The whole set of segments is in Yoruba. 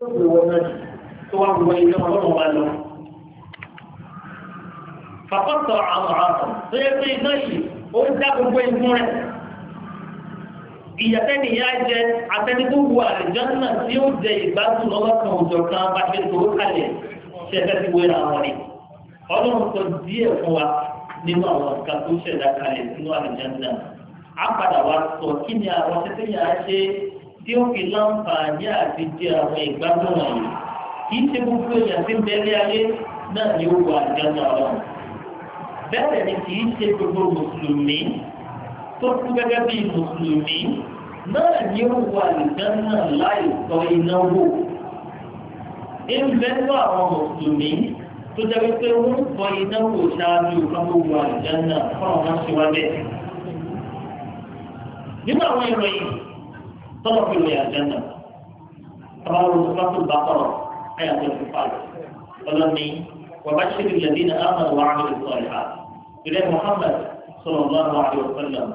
tó fi wọ náà tó wá wọ ilé ọlọ́run wa lọ. fàkọ́tọ̀ àwọn àwọn tó yẹ pé iná yìí ó ń dá gbogbo ikú rẹ̀. ìyàtẹ́ni yá jẹ atẹ́nigbogbo àlùjọ́nà tí ó jẹ ìgbádùn lọ́lọ́kan òjò kan bá ṣe tó kalẹ̀ ṣẹ̀fẹ́ ti wé àwọn rẹ̀. ọlọ́run sọ díẹ̀ fún wa nínú àwọn nǹkan tó ṣẹ̀dá kalẹ̀ sínú àlùjọ́nà. a padà wá sọ kí ni àwọn tẹ́tẹ́ yà á ṣe é tí ó fi láǹfààní àti jẹ àwọn ìgbádùn wọ̀nyí kìí ṣe gbogbo èèyàn tí ń bẹ́lẹ́ ayé náà ni ó wà àjọyọ̀ ọ̀rọ̀ bẹ́ẹ̀ ni kìí ṣe gbogbo mùsùlùmí tó kú gẹ́gẹ́ bí mùsùlùmí náà ni ó wà àjọyọ̀ láì sọ ìnáwó ìbẹ́lú àwọn mùsùlùmí tó jẹ́ wípé wọ́n sọ ìnáwó ṣáájú gbogbo àjọyọ̀ fún ọmọ síwájú nínú àwọn ìròyìn طلب إلى الجنة رأوا سورة البقرة آية الكفار ولمي وبشر الذين آمنوا وعملوا الصالحات إلى محمد صلى الله عليه وسلم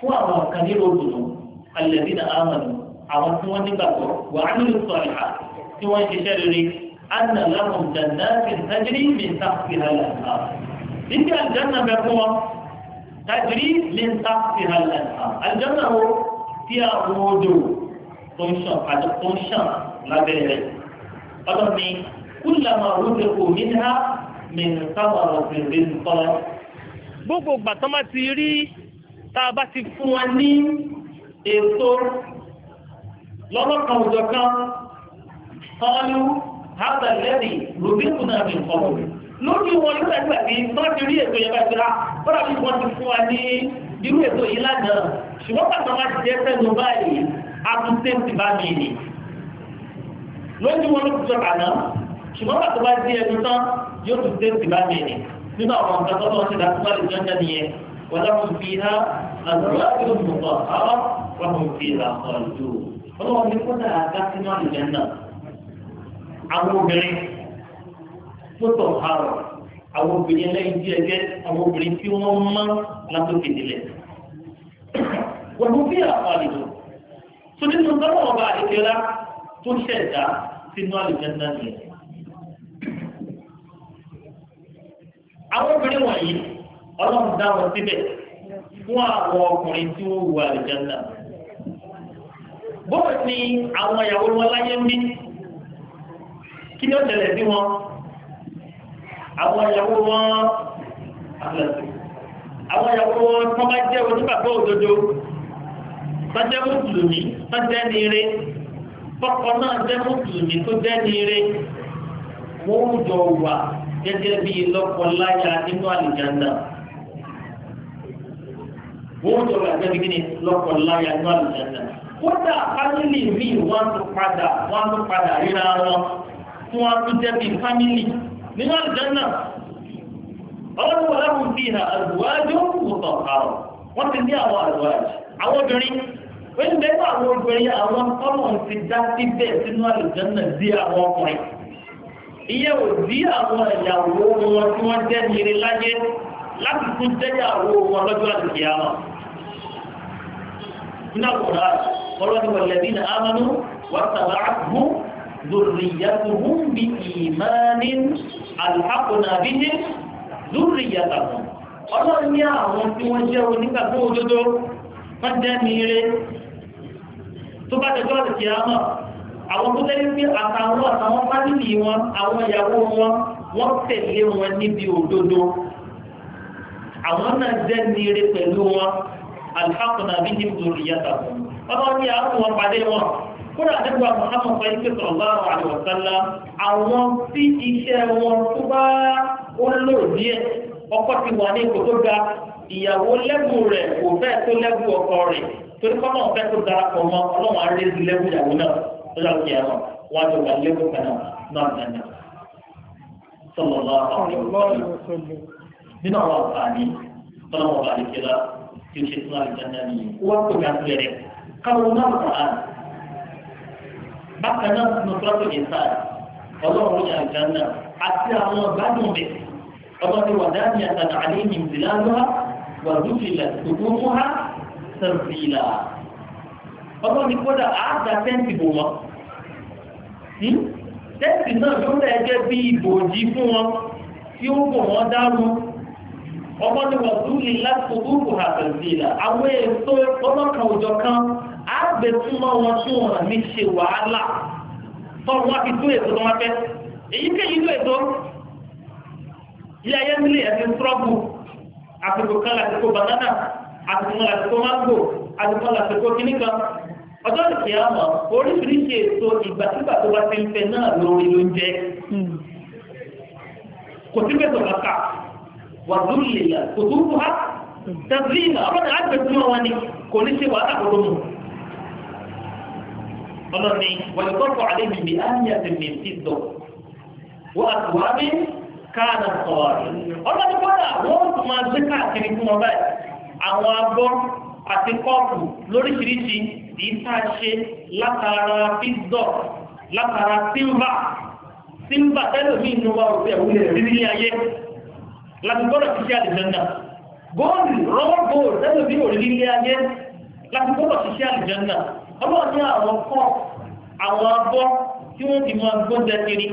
فوى كثير الذنوب الذين آمنوا عرفوا ونبقوا وعملوا الصالحات سوى شر أن لهم جنات تجري من تحتها الأنهار تلك الجنة بقوة تجري من تحتها الأنهار الجنة هو tí àwọn odò tó ń ṣàn àti tó ń ṣàn lábẹ́ rẹ̀. ọ̀dọ̀ mi kúlàmà rúbẹ̀ kò ní dá mi sáwọn ọ̀gbìnrin tọ́. gbogbo ìgbà tó máa ti rí tá a bá ti fún wa ní èso lọ́lọ́kan òjò kan kọ́lú hábà lẹ́rì rúbẹ̀ kò náà mi kọ́ lórí wọn yóò dàgbà bí wọ́n ti rí èso yẹn bá ti rà bọ́dà bí wọ́n ti fún wa ní irú èso yìí lánàá ṣùgbọ́n pàtó máa jẹ́ sẹ́nu báyìí àtúntẹ́ǹtì bá mi nì lójú wọn ló ti sọ àná ṣùgbọ́n pàtó máa di ẹnu tán yóò tún tẹ́ǹtì bá mi nì nínú àwọn nǹkan tó lọ́wọ́ sí ìdá tó bá lè jọ́jọ́ nìyẹn wọ́n láwọn fi há àdúrà tó ń mú ọ àwọn wọn fi há ọ̀dù ọlọ́wọ́n ní kó dáa ká sínú àlùjẹ́ náà àwọn obìnrin tó tọ̀ àrọ̀ àwọn obìnrin lẹ́yìn tí ẹgẹ́ àwọn obìnrin tí wọ́n mọ́ látòkè nílẹ̀ wọ́n fi hàn wọ́n àlejò tó ní tó tọ́wọ́ ọba àdékẹ́lá tó ṣẹ̀dá sínú àlejò náà nìyẹn. àwọn obìnrin wọ̀nyí ọlọ́run dá wọn síbẹ̀ fún àwọn ọkùnrin tí wọ́n wù àlejò náà. bóyá ni àwọn ìyàwó wọn láyé ń bí kí ni ó tẹ̀lé sí wọn àwọn ìyàwó wọn àwọn ìyàwó wọn tó bá jẹ́ onígbàgbọ́ òdodo bàjẹ́ mùsùlùmí bàjẹ́ nire fọkọ náà jẹ́ mùsùlùmí tó jẹ́ nire wọ́n jọ wà gẹ́gẹ́ bí lọ́kọláya nínú àlùjáńdà wọ́n jọ wà gẹ́gẹ́ bí lọ́kọláya nínú àlùjáńdà kódà fámìlì míì wọ́n tún padà wọ́n tún padà ríra wọn tí wọ́n tún jẹ́ bí fámìlì nínú àlùjáńdà ọlọ́run wọ́n láwùjọ fi hàn àdùwájú mùtọ̀ wọ́n ti ní àwọn àdùwájú àwọn obìnrin wọ́n bẹ́ẹ̀ bá àwọn obìnrin àwọn ọmọ ti dá síbẹ̀ sínú àlùjànnà sí àwọn ọkùnrin ìyẹ́ ò dí àwọn ìyàwó wọn tí wọ́n jẹ́ nire láyé láti tún jẹ́yàwó wọn lọ́jọ́ láti àwọn nínú àkùnrin ọlọ́ni wọ̀lẹ́bí ní amánú wọ́n tàbá àkùnú ذريتهم بإيمان الحقنا بهم ذريتهم ọlọ́ni àwọn tí wọ́n jẹ́ onígbàgbọ́ òdodo wọ́n jẹ́ nire tó bá dẹjọ́ àti àmọ́ àwọn tó lẹ́yìn pé àtàwọn àtàwọn fámìlì wọn àwọn ìyàwó wọn wọ́n tẹ̀lé wọn níbi òdodo àwọn náà jẹ́ nire pẹ̀lú wọn alhaqna bihim dhurriyyatahum ọlọ́run ní àwọn wọn pàdé wọn kódà nígbà Muhammad fẹ́ ṣe sallallahu alaihi wa sallam àwọn tí iṣẹ́ wọn tó bá ó lò díẹ̀ ọkọ ti wà ní ipò ga ìyàwó lẹ́bù rẹ̀ kò fẹ́ tó lẹ́bù ọkọ rẹ̀ torí kọ́ náà fẹ́ kó darapọ̀ mọ́ ọlọ́run arí lẹ́wù ìyàwó náà tó dà òkè àwọn wọ́n jọ wà lẹ́wù kan náà náà nàná. nínú àwọn àǹfààní tọ́lọ́mọ àlejòlá tí ó ṣe fún àlejòlá nìyí wọ́n kò ní àtúnyẹ̀ rẹ̀ káwọn náà kọ̀ án. bákan náà nínú tọ́lọ́tò yẹn sáà ọlọ́run ní àlejòlá àti àwọn gbádùn rẹ̀ ọlọ́run wà dáhìí àtàlà àlẹ́ ìmìlá lọ́wọ́ wà tẹ̀sílà ọlọ́run ní kódà àádá tẹ́ǹtì bò wọn hmm? tẹ́ǹtì náà tó lẹ́ jẹ́ bí ìbòjì fún wọn tí ó bò wọn dárú ọmọ ni wọ́n tún lè láti orúkọ àtẹ̀sílà àwọn èso ọlọ́kan òjọ kan àgbẹ̀ túmọ̀ wọn tún wọn ní ṣe wàhálà tọ́rọ wọn fi tún èso tó wọn fẹ́ èyíkéyìí tó èso ilé ayé nílé ẹ̀sìn trọ́bù àfikò kan láti kó banana àtìmọ́ lásìkò máńgò àtìmọ́ lásìkò kìnnìkà ọjọ́ ìkẹ́ àmọ́ oríṣiríṣi èso ìgbàsígbà tó bá ti ń fẹ́ náà lórí ló ń jẹ́ hmm. kò sí pẹ̀tọ̀ kàkà wà lórílẹ̀ yà kò tó kú ha tẹ̀síìnà ọ̀pọ̀ta àgbẹ̀túmọ̀ wọn ni kò ní ṣe wàhálà kò tó mú ọlọ́ni wàlúkọ́kọ́ àlejò ní àyà tèmi ti dọ̀ wọ́n àtùwárí káàdà sọ̀rọ̀ ọlọ́ni wọ́n tún máa àwọn abọ́ àti kọ́ọ̀pù lóríṣiríṣi èyí tá a ṣe látara píṣọ́ látara símbà símbà tẹ́lẹ̀ mí inú wa òfin ẹ̀wúlẹ̀ rírí ayé láti gbọ́dọ̀ ṣiṣẹ́ àlìjẹ́nà góòlù rọ́bọ̀ góòlù tẹ́lẹ̀ mí òrí rírí ayé láti gbọ́dọ̀ ṣiṣẹ́ àlìjẹ́nà ọlọ́run ní àwọn kọ́ àwọn abọ́ tí wọ́n ti máa gbọ́dọ̀ kiri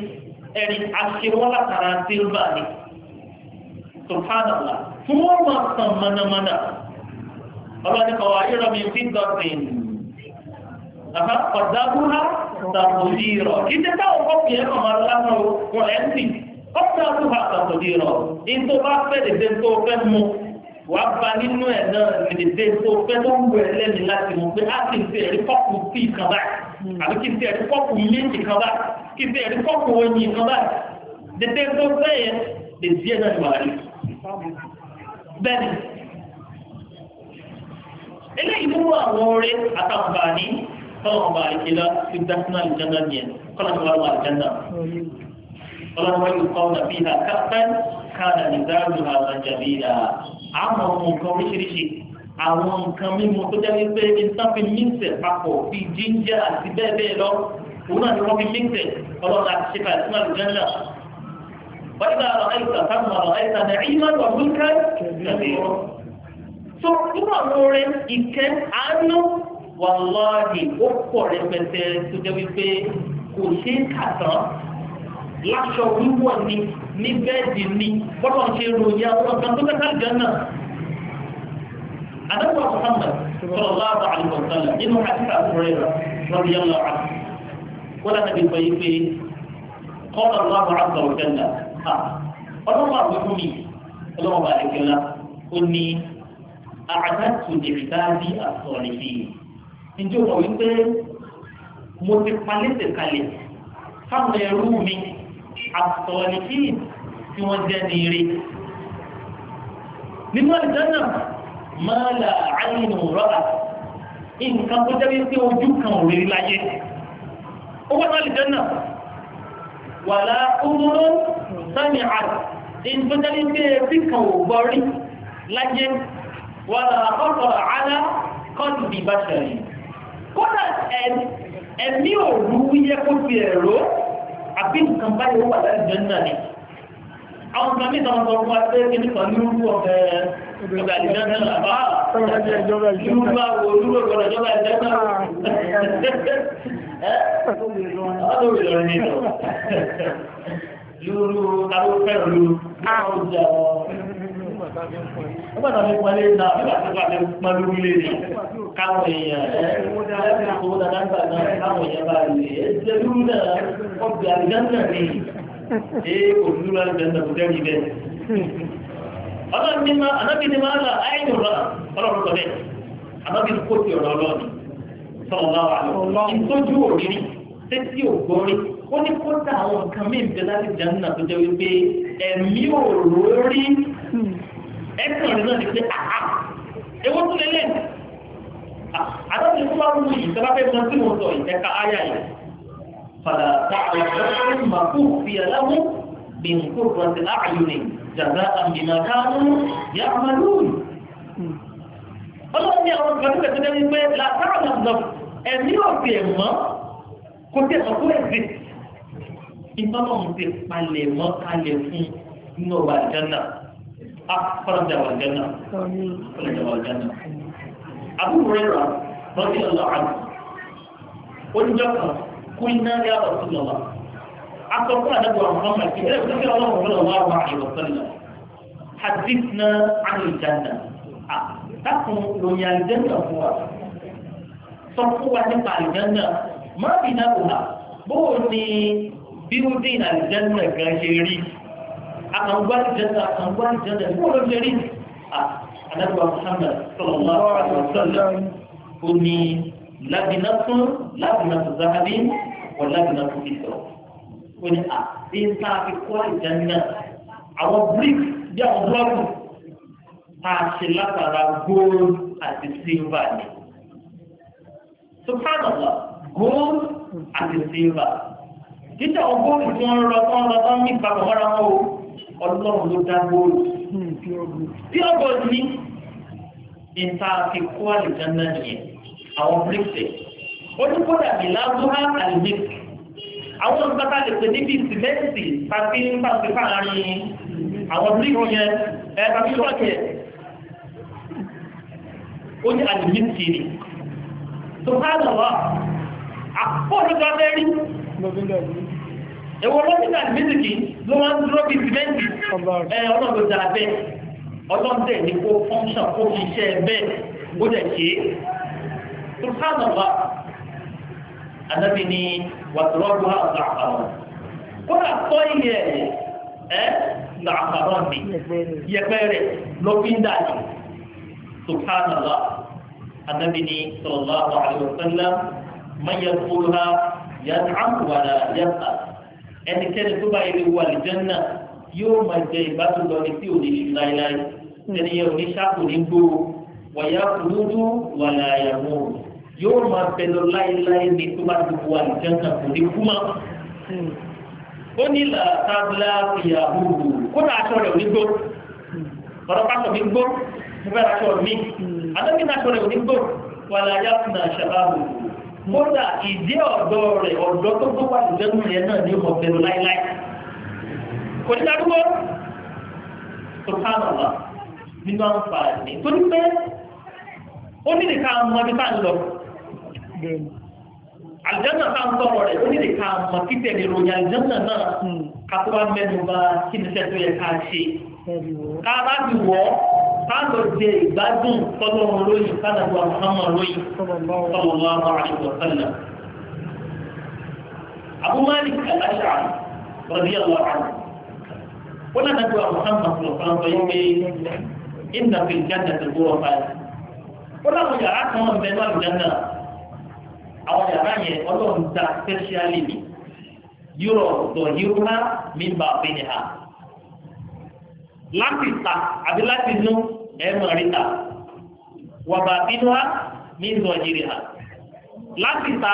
tí wọ́n máa tàn mọ̀nàmọ́nà ọlọ́ni kọ̀ wá ìrọ̀ mi fi dọ̀tìn àbá ọ̀dàbúrà tàbùdì rọ̀ kí ní táwọn kọ́pì ẹ̀rọ máa lánà wọn ẹ̀ ń sì ọ̀dàbúrà tàbùdì rọ̀ ètò bá fẹ́ lè dé tó fẹ́ mu wàá ba nínú ẹ̀ náà lè dé tó fẹ́ tó wù ẹ́ lẹ́nu láti mú pé á sì ń fi ẹ̀rí kọ́pù tíì kan báyìí àbí kí n fi ẹ̀rí kọ́pù méjì kan báyìí kí n fi ẹ̀rí kọ́pù oyin kan báyìí dédé tó fẹ́ yẹn lè díẹ̀ náà wà á bẹ́ẹ̀ eléyìí mú àwọn oore àtàkùnbà ní tọ́lọ̀mọba ìkìlá fi dásínà ìjánà ní ẹ̀ kọ́lọ̀mọba wà ìjánà ọlọ́wọ́ yóò kọ́ ọ̀nà bí i àkápẹ́ káàdà nìdáàbò àwọn jàmílà àwọn ọmọ nǹkan oríṣiríṣi àwọn nǹkan mímu tó jẹ́ wípé ìtàfi mixẹ̀ papọ̀ bíi jíńjà àti bẹ́ẹ̀ bẹ́ẹ̀ lọ òun náà ni wọ́n fi mixẹ̀ ọlọ́run àti ṣe فإذا رأيت ثم رأيت نعيما وملكا كبيرا so irú àwọn orin ìkẹ́ àánú wàláhì ó pọ̀ rẹpẹtẹ tó jẹ́ wípé kò ṣe é kà tán láṣọ wíwọ̀ ni ní bẹ́ẹ̀dì ni bọ́lá ṣe ròyìn àwọn ọ̀gán tó kẹ́kẹ́ gan náà adájọ́ Muhammad sallallahu alaihi wa sallam nínú àṣìṣà àkùrẹ́ rẹ̀ lọ́dún yẹn lọ́ra wọ́n láti fi sọ yìí pé qala Allahu azza wa jalla ọlọ́wọ́ àwọn fún mi ọlọ́wọ́ bá àdékẹ́lá ó ní àtàtù ìrìbáàbí àsọ̀rìn yìí níjọ́ wọ̀ wípé mo ti palẹ́sẹ̀ kalẹ̀ fáwọn ẹrú mi àsọ̀rìn yìí tí wọ́n jẹ́ ní ire nínú àdìjọ́nà máa là áyìn rọ́à nǹkan tó jẹ́ wípé ojú kan ò rí láyé ó wọ́n ní àdìjọ́nà wàlá ọmọrọ sami àrà ìfẹ́tẹ́lẹ́ pé fíkan ò gbọ́rí láyé wàlá ọ̀rọ̀ àlá kọ́ọ̀tù bí bá ṣẹlẹ̀ kódà ẹ̀mí òru yẹ kó fi ẹ̀rọ àbí nǹkan báyìí wà láti jẹ́ náà ni àwọn kan ní ìtàn ọ̀sán fún wa pé kí nìkan ní orú ọ̀fẹ́ ìjọba ọlọ́run ní lọ lóru alófẹ́ òru láwọn ọjà nígbà tó fi pọnlé náà nígbà tó bá fi pọn lórí lé ní káwọn èèyàn ẹ ẹ owó dáadáa gbà náà káwọn èèyàn bá lè ẹ jẹ lóru náà ni ee òdúró àdìgánná kò dẹ́rì bẹ́ẹ̀. ọlọ́run ní ma anábì ní ma ń la ayé ìrora ọlọ́run kọ́ bẹ́ẹ̀ anábì kó ọ̀rọ̀ ọlọ́run sọ̀rọ̀ àlọ́ ìtọ́jú òrí tẹ́tí ògbórí ó ní kódà àwọn nǹkan mí bẹ láti jẹun náà tó jẹ́ wípé ẹ̀mí ò rórí hmm. ẹ̀sìn rẹ̀ náà ni pé àhà ewu tún lélẹ̀ àtọ́jú tó bá wù yìí tó bá fẹ́ mọ sí mo sọ ìtẹ́ka áyà yìí padà ta àwọn màkú fi aláwọ̀ bí nǹkó rọ̀tẹ̀ láàyò ní jàdá àmì màkánú yàmàlúù ọlọ́run ní àwọn ìgbàlódé tó lé wípé làtàrà lọ́nà ẹ̀mí ọ̀sẹ̀ mọ́ kò tẹ̀ ọ̀kú ẹ̀sìn ìtọ́nà ń ti palẹ̀ mọ́ kalẹ̀ fún inú ọba àjánà afọlọ́dà wà àjánà fọlọ́dà wà àjánà. àbúrò rẹ̀ rà lọ́sí ọ̀la àná oníjọ́ kan kú iná ní àbọ̀tí lọ́la akọ fún ọmọ ìkí dákun lòyìn àlìjẹ́nà fún wa sọ fún wa nípa àlìjẹ́nà má bí náà wà bóò ni bíúdìn àlìjẹ́nà gan ṣe rí àkàngbá àlìjẹ́nà àkàngbá àlìjẹ́nà bóò ló ṣe rí àdàgbà Muhammad sallallahu alaihi wasallam ó ní lábìnàtú lábìnàtú zahabi wọ lábìnàtú ìtọ́ ó ní à bí n ta fi kọ́ àlìjẹ́nà àwọn bíríkì bí àwọn búlọ́ọ̀kù a ṣe látara gold àti silver ni. subhanallah gold àti silver. títà gold tí wọ́n rọ tán rọ tán ní ìpapọ̀ mọ́ra wọn o ọlọ́run ló dá gold. bí ọgọ́ ní ìta fi kó àlùjáná nìyẹn àwọn bíríkì ó ní kó dàbí lábúhá àlùmíkì àwọn olùkọ́ta lè pè níbi sìmẹ́ǹtì tàbí pàṣípàárín àwọn bíríkì yẹn ẹ̀ tàbí ṣọ́ọ̀kì yẹn ó ní àdìmísì ni tó bá lọ́wọ́ àpọ̀lù gbáfẹ́ rí ẹ̀wọ̀n lọ́sí àdìmísì kì ló máa ń dúró bí sìmẹ́ǹtì ọlọ́dọ̀ dára bẹ́ẹ̀ ọlọ́dẹ̀ ní kó fọ́nṣà kó fi iṣẹ́ bẹ́ẹ̀ ó dẹ̀ ṣe é tó bá lọ́wọ́ àdábì ni wàtúrọ́gbù àgbàkàrọ̀ kódà tọ́ ilẹ̀ ẹ̀ làkàrọ̀ ni yẹpẹrẹ lọ́fíńdà ni subhanallah annabi ni sallallahu alaihi wasallam man yadkhulha yat'am wa la yas'a ẹnikẹ́ni tó bá yẹ wọ aljanna yóò máa jẹ ìbátan lọ ní tí ò ní ṣe láéláé ẹni yẹn ò ní ṣáàpù ní gbòòrò wọ̀yá kúrúdú wà láyàmú yóò máa bẹ lọ láéláé ní tó bá ti wọ aljanna kò ní kú mọ́ ó ní làtàbílà ìyàwó kódà aṣọ rẹ̀ ò ní gbó ọ̀rọ̀ pásọ̀ mi gbó fẹ́ aṣọ mi àtọ́kì náà sọ̀rọ̀ onígbò wà láyá fún àṣàbáwò kódà ìdí ọ̀dọ́ rẹ̀ ọ̀dọ́ tó gbọ́ wà lẹ́nu rẹ̀ náà ní ọmọ bẹ̀rù láíláí kò ní dádúgbò tó kánàlá nínú àǹfààní tó ní pé ó ní nìka mọ bí bá ń lọ àlùjànnà tá ń tọrọ rẹ̀ ó ní nìka mọ kíkẹ́ ní ròyìn àlùjànnà náà hmm. kátó wá mẹ́nu bá kí ni yẹ ká ṣe ká bá ti wọ̀ káàtó jẹ ìgbádùn tọ́lọ́run lóyìn kádàbí àmọ́ lóyìn sallallahu alaihi wa sallam. Abu Malik al-Ash'ari radiyallahu anhu wọ́n náà dájú àwọn Muhammad lọ́kàn sọ yìí pé ìnà fi jáde ti gbówó báyìí. wọ́n náà wọ́n yàrá kan wọn bẹ náà lùdánà àwọn yàrá yẹn ọlọ́run ta fẹ́ṣíálì ni yúrọ̀ dọ̀hírúhá mi bá fi ní ha. láti ta àbí láti nú ẹ mọ̀ rí ta wàbà bínú wa mí zọ jìrì ha láti ta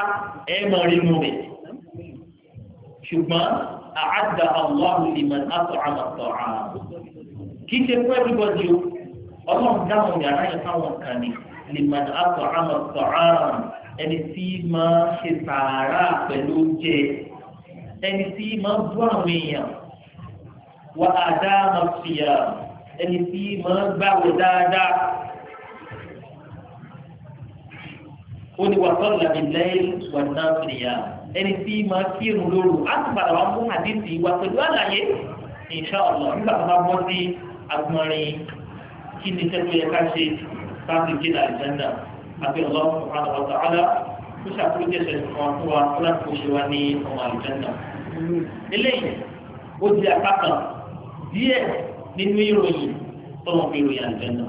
ẹ mọ̀ rí mú mi ṣùgbọ́n àádà ọlọ́run ìmọ̀ àtọ̀ àmọ̀tọ̀ àmọ̀ kì í ṣe fún everybody o ọlọ́run dáhùn yàrá yẹn fáwọn kan ní ìmọ̀ àtọ̀ àmọ̀tọ̀ àmọ̀ ẹni tí máa ṣe sàárà pẹ̀lú jẹ ẹni tí máa bú àwọn èèyàn wà á dá máa fi ẹni tí máa ń gbàwé dáadáa ó ní wàtọ́ làbí lẹ́yìn wàdúrà fìyà ẹni tí máa kírun lóru á ti padà wọn fún àdìsí n gbawe daadaa o wá mú àdìsí wa ẹsẹ̀ adisi wa àlàyé isa Allah nígbà tó bá bọ́ sí agbọ̀nrin kí ni seku yẹ ká ṣe láti ké làlìjánná àbí Allah subhanahu wa ta'ala kó ṣàkóso ẹ̀ṣẹ̀ ìfọ̀n fún wa kó láti kó ṣe wá ní ọmọ àlìjánná. eléyìí ó di àpá kan díẹ̀ nínú ìròyìn tó wọn fi ròyìn àlùjánnà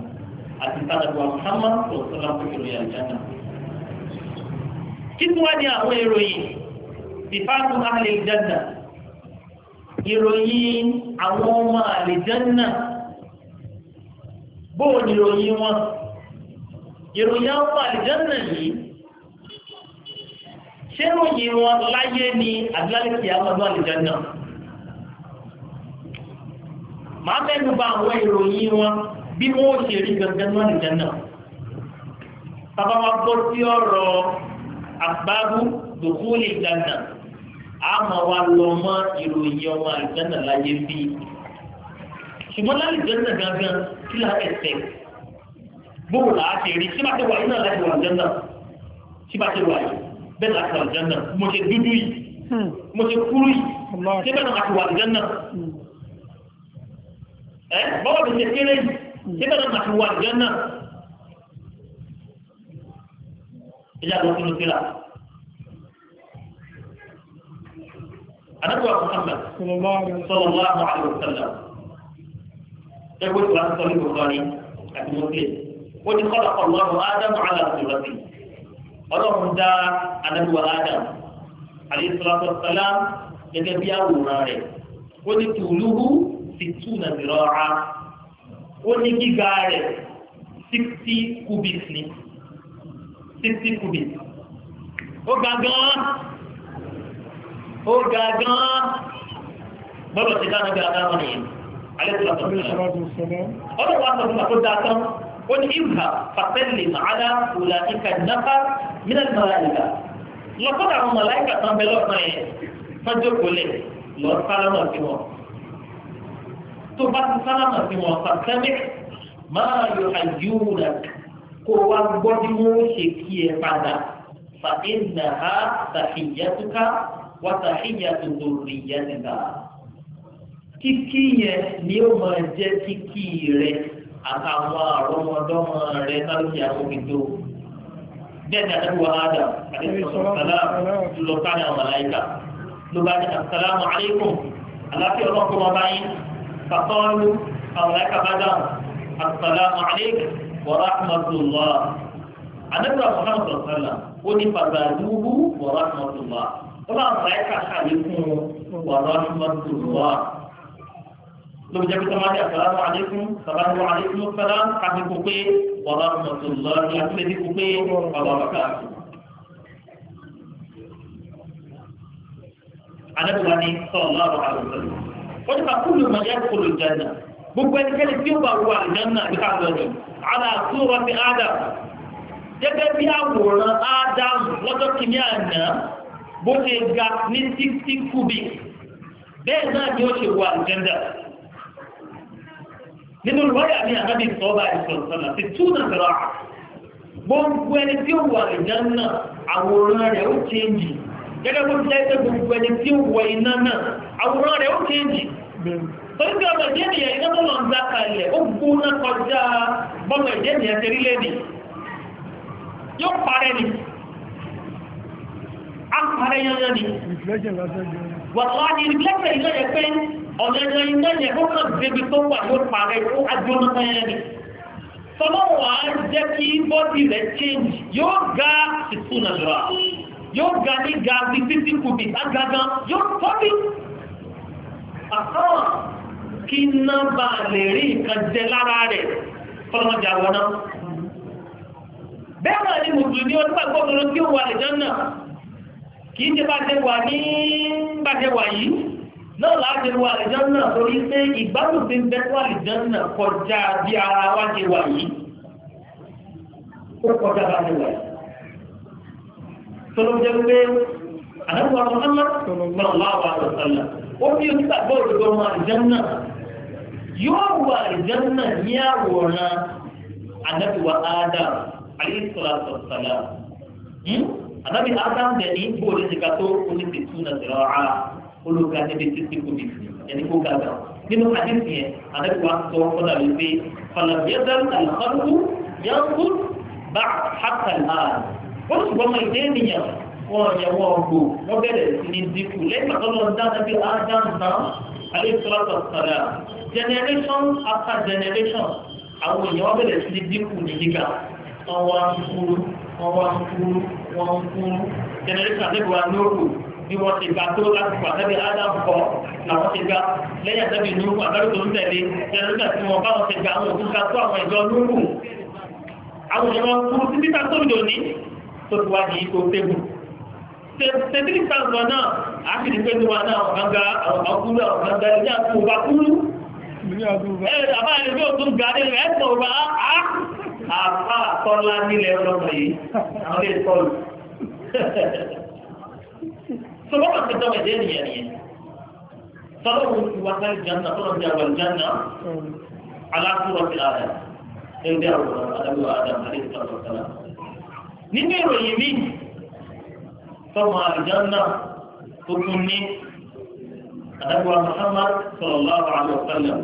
àti sàdàbọ̀ àmàmà tó sọ́lá fi ròyìn àlùjánnà. kí wọ́n ní àwọn ìròyìn sifatu ahli aljanna ìròyìn àwọn ọmọ àlùjánnà bóò ní ìròyìn wọn ìròyìn àwọn àlùjánnà yìí ṣé ìròyìn wọn láyé ni àdúrà lè fi àwọn ọmọ àlùjánnà máa mẹ́nu bá àwọn ìròyìn wọn bí wọ́n ṣe rí gangan náà nìkan náà bàbá wa bọ́ sí ọ̀rọ̀ àgbábú dòkúlì gánà a máa wá lọ mọ́ ìròyìn ọmọ àlùjánà láyé bí ṣùgbọ́n lálùjánà gangan kí láti ẹ̀sẹ̀ gbogbo làá ṣe rí síbà tí wàá iná láti wà àlùjánà síbà tí wàá bẹ́ẹ̀ láti wà àlùjánà mo ṣe dúdú yìí hmm. mo ṣe kúrú yìí síbẹ̀ náà ẹ eh, bọ́ọ̀lù ṣe kéré yìí síbẹ̀ náà màtí wà jẹ́ náà ìjà tó kúrò síra. Adájọ́ Muhammad sallallahu alaihi wasallam ẹgbẹ́ ìgbà tó sọ́lé Bukhari àti Muslim ó ti kọ́ lọ́kọ̀ lọ́rùn Ádámù aláàbò rẹ̀ ọlọ́run dá adájọ́ Ádámù alayhi salatu wassalam gẹ́gẹ́ bí àwòrán rẹ̀ ó ti tùlúhù fituna zira'a ó ní gíga rẹ̀ sixty cubits ni sixty cubits ó ga gan ó ga gan gbọ́dọ̀ ti dáná bí adáwọn nìyẹn alẹ́sọ̀rọ̀ ọ̀dọ̀ wa sọ̀rọ̀ tó dáa tán ó ní ìhà fàtẹ́lì màálà òlà ìka náfà mílẹ̀ màláìka lọ́kọ́dà àwọn màláìka tán bẹ́ẹ̀ lọ́sàn yẹn tọ́jú kò lè lọ́ọ́ sálámà sí wọn tó bá ti sálámà sí wọn sàtẹ́lẹ̀ máa yọ àyíwò rẹ̀ kó wá gbọ́ bí wọ́n ṣe kí ẹ padà fàdínà ha tàhíyàtúkà wà tàhíyàtú lóríyàtúkà. kíkí yẹn ni ó máa jẹ́ kíkí rẹ̀ àtàwọn àrọ́mọdọ́mọ rẹ̀ lálùkì àwọn bẹ́ẹ̀ ni àdàbọ̀ adam àdéhùn sàlámù lọ́kàn àwọn màláíkà ló bá ní asàlámù aláìkùm aláfíà ọlọ́kùnrin ọba yín. فقالوا أو لك بدا السلام عليك ورحمة الله àdébí ọ̀sán ọ̀sánlá ó ní fàgbàdúgbò wọ̀rọ̀mọ̀tòlá ó máa ń báyìí kàkàlí fún wọ̀rọ̀mọ̀tòlá. lóbi jẹ́ pé sọ́mádé àsàlámù àlékún sàbáwò àlékún sọ́lá káfí kó pé wọ̀rọ̀mọ̀tòlá ní àtúndé kó pé ọ̀rọ̀mọ̀tòlá. àdébí wa ni sọ̀rọ̀ lọ́rọ̀ àlùfẹ́ wọ́n ti máa kúlù mọ̀jẹ́ kúlù jẹ́nà gbogbo ẹnikẹ́ni tí ó bá wọ àlùjànnà àbí ká lọ ní àlà àtúrọ̀ ti ádà gẹ́gẹ́ bí àwòrán ádà lọ́jọ́ kìíní àná bó ṣe ga ní sixty cubic bẹ́ẹ̀ náà ni ó ṣe wọ àlùjànnà nínú lọ́yà ní àgbàdì sọ́ọ́bà ìṣọ̀sọ́nà ti tú nà sọ̀rọ̀ gbogbo ẹni tí ó wọ àlùjànnà àwòrán rẹ̀ ó ṣe ń jì gẹ́gẹ́ bó ti jẹ́ gbogbo ẹni tí ó wọ iná náà àwòrán rẹ̀ ó kéèjì torí ọmọ ìjẹ́ nìyẹn iná tó lọ́n dá kalẹ̀ ó gbóná kọjá bọ́mọ ìjẹ́ nìyẹn ti rí lẹ́nì yóò parẹ́ ni a parẹ́ yányán ni wàtàlá ni ìrìnlẹ́sẹ̀ iná yẹ pé ọ̀nà ẹ̀yà iná yẹ kó kàn débi tó wà yóò parẹ́ ó agbóná kọjá ni tọ́lọ́wọ́ á jẹ́ kí bọ́dì rẹ̀ change yóò ga ìtúnà lọ́wọ́ yóò ga ní ga bí títí kùbì ágágán yóò tọ́bí àtọ́rọ̀ kí náà bá lè rí nǹkan jẹ lára rẹ̀ fọlọ́jà wọná bẹ́ẹ̀ náà ni mùsùlùmí ọdún àgbọ̀dọ̀ tí ó wà lè jọ́nà kì í ṣe bá ṣe wà ní bá ṣe wà yìí náà láti wà lè jọ́nà torí pé ìgbádùn ti ń bẹ wà lè jọ́nà kọjá bí ara wa ṣe wà yìí ó kọjá bá ṣe wà yìí tó ló jẹ́ pé àdàbọ̀ àwọn ọmọ náà láwà àtọ̀sálà ó ní onígbàgbọ́ òdodo ọmọ àlùjánnà yóò wọ àlùjánnà ní àwòrán àdàbíwá Adam àlẹ́sọ̀rọ̀sọ̀sálà hmm? àdàbí Adam dẹ̀ ní bó lè ṣe ká tó oníṣètú náà tẹ̀lé ọ̀rá olùkà níbi títí kò dìbò ẹni kó gàgà nínú àdìsí yẹn kú bá àtàlá ó sì gbọ́mọ ìdí ènìyàn wọn ìyàwó ọgbò wọ́n bẹ̀rẹ̀ sí ní dínkù lẹ́yìn àtọ́lọ́ dáadáa bí ádámù náà alẹ́sọ́lọ́tọ̀ sọ̀rọ̀ generation after generation àwọn èèyàn wọ́n bẹ̀rẹ̀ sí ní dínkù ní gíga wọ́n wá ń kúrú wọ́n wá ń kúrú wọ́n ń kúrú generation àtẹ́gbẹ̀wá lóòrù bí wọ́n ti gba tó láti pa àtẹ́bí adam kọ́ làwọn ti gba lẹ́yìn àtẹ́bí lóòrù àtẹ́bí tó ń tẹ̀lé generation tí wọ́n bá wọn ti gba àwọn òkúta tó àwọn ìjọ lóòrù àwọn èèyàn kúrú títí tá tó lò tó ti wá di ipò tébù tẹ̀sílì sáǹsọ̀ náà a sì ní pé tó wà náà ọ̀kan ga àwọn ọkùnrin àwọn ọ̀kan ga ní àtúwò bá kúrú àbá ilé bí òtún ga ní rẹ̀ ẹ̀sọ̀ bá á àbá àtọ́lá nílẹ̀ ọlọ́mọ yìí àwọn ilé ìtọ́lù sọlọ́ kan ti dọ́wọ̀ ẹ̀dẹ́ nìyẹn nìyẹn nínú ìròyìn mi tọmọ àjọyọ̀nà tó tún ní àdàbọ̀ Muhammad sallallahu alaihi wa sallam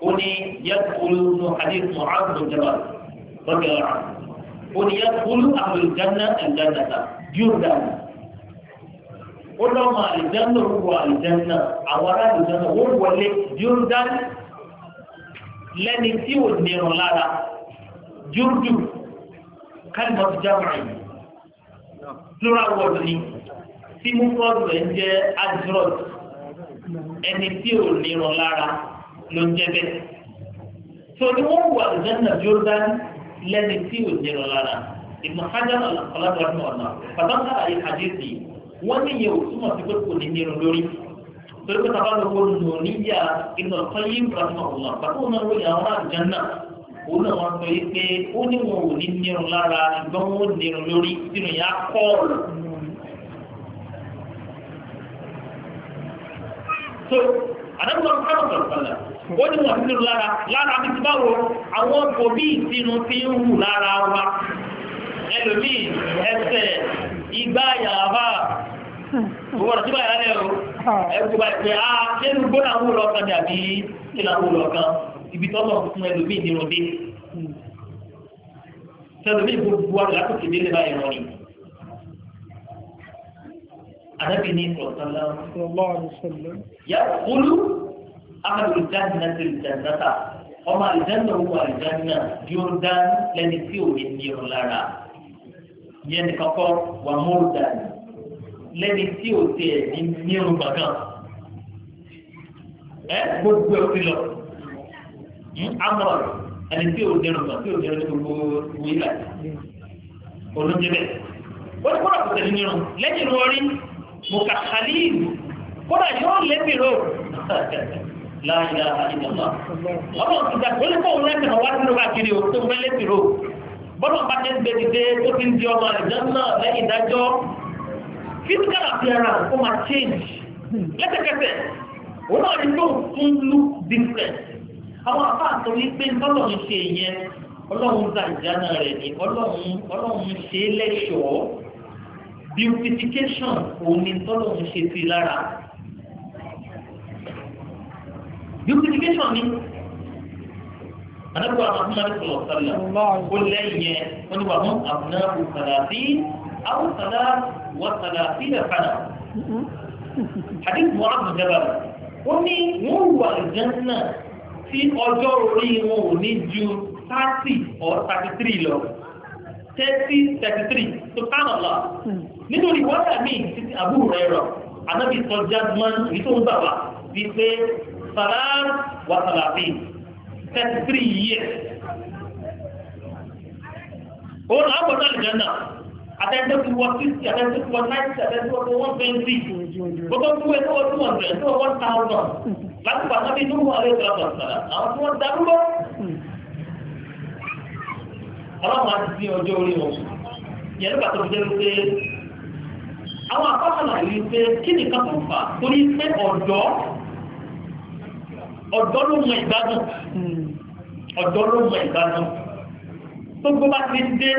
ó ní yẹ́kùlù nù hadith Mu'adh bin Jabal lọ́jọ́ rà ó ní yẹ́kùlù àbùjánná ẹ̀dánàta yóò dáná ó lọ́mọ àlìjánná orúkọ àlìjánná àwọn ará ó wọlé yóò dáná lẹ́ni tí ò nírun lára jùdù kalimatu jam'i plural word ni tí mú fọ́ọ̀dù rẹ̀ ń jẹ́ adrọ́d ẹni tí ò níran lára ló ń jẹ́ bẹ́ẹ̀. tó ní wọ́n wà lẹ́nà Jordan lẹ́ni tí ò níran lára Ibn Hajar al-Asqalani ọ̀nà pàtàkì àyè àdéhùn wọ́n ní ìyẹ̀wò túmọ̀ sí pé kò ní níran lórí. torí pé tàbá lọ́wọ́ nù níyà Ibn Qayyim rahimahullah pàtó náà wọ́n yà wọ́n àjẹ́ náà òun náà wọ́n sọ yìí pé ó ní wọn ò ní nírun lára ìgbọ́n wọn ò nírun lórí sínú ìyá kọ́ọ̀lù. so àdàbọ̀ nǹkan ọ̀sán sọ̀rọ̀ ó ní wọn nírun lára lára bí ti báwo àwọn òbí ìsinú ti ń hù lára wa ẹlòmíì ẹsẹ̀ igbá yàrá owó ọ̀rọ̀ tí báyìí rẹ̀ o ẹ̀kú báyìí pé a ah, ṣé ní gbóná wúlọ̀ kan dàbí kí ibi tọ́lọ̀ fún ẹlòmíì ní ọdẹ ẹlòmíì gbogbo àwọn látòkè délé báyìí wọn ni. Ànábì ní ìfọ̀sánlá yà kúlú àmàlù jáde ti jàǹdàtà ọmọ àlùjáde owó àlùjáde yóò dán lẹ́ni tí ò ní ní ọ lára yẹn ní kọ́kọ́ wà mọ́rù dání lẹ́ni tí ò tiẹ̀ ní ní ọ̀rùn ẹ gbogbo ẹ̀ fi lọ amúrọ̀ ẹni tí ò dẹrùn náà tí ò dẹrùn ní gbogbo ìwé ìlà olóńjẹbẹ ó ní kódà kò tẹ̀lé nínú lẹ́yìn lórí mùkàkàlíìn kódà yóò lébìrò láàyè àìjọba ọlọ́run ti dà tó lè fọwọ́ lẹ́sìn ọwọ́ sínú káàkiri o tó fẹ́ lébìrò bọ́lá bá ti gbé dìde tó ti ń di ọmọ àìjọ náà lẹ́yìn ìdájọ́ physical appearance ó máa change lẹ́sẹ̀kẹsẹ̀ òun náà ni yóò tún look different àwọn àbá sọ wípé tọ́lọ̀ ń ṣe yẹn ọlọ́run gba ìdáná rẹ̀ ní ọlọ́run ṣe lẹ́ṣọ̀ọ́ beautification òun ni tọ́lọ̀ ń ṣe sí lára beautification ni anabi wa muhammad sallallahu alaihi wasallam ko lẹ́yìn wọn wà mú àbúná òsàlàbí àwòsàlà wàsàlàbí lẹ́fàdà mm-hmm. hadith muhammed jabal ó ní wọ́n wà ìdáná náà tí ọjọ́ orí wọn ò ní ju 30 or 33 lọ 30 33 tó kánà lọ nínú ìwọ́dà míì títí àbúrò rẹ̀ rọ̀ anábì sọ jasman èyí tó ń bà wá wípé salam wa salafi 33 years òun àwọn ọ̀dọ́ àlùjànnà àtẹ́tẹ́ ti wọ 60 àtẹ́tẹ́ ti wọ 90 àtẹ́tẹ́ ti wọ 120 gbogbo fún ẹ tó wọ 200 tó 1000 láti pàtó bí dúró àwọn ètò àwọn ọ̀sán àwọn tí wọ́n darúgbó. ọlọ́run á ti dín ọjọ́ orí wọn yẹn nígbà tó fi jẹ́ pé àwọn àkọ́sọ̀nà yìí pé kí nìkan tó fà torí pé ọ̀dọ́ ọ̀dọ́ ló mọ ìgbádùn ọ̀dọ́ ló mọ ìgbádùn tó gbọ́ bá ti dé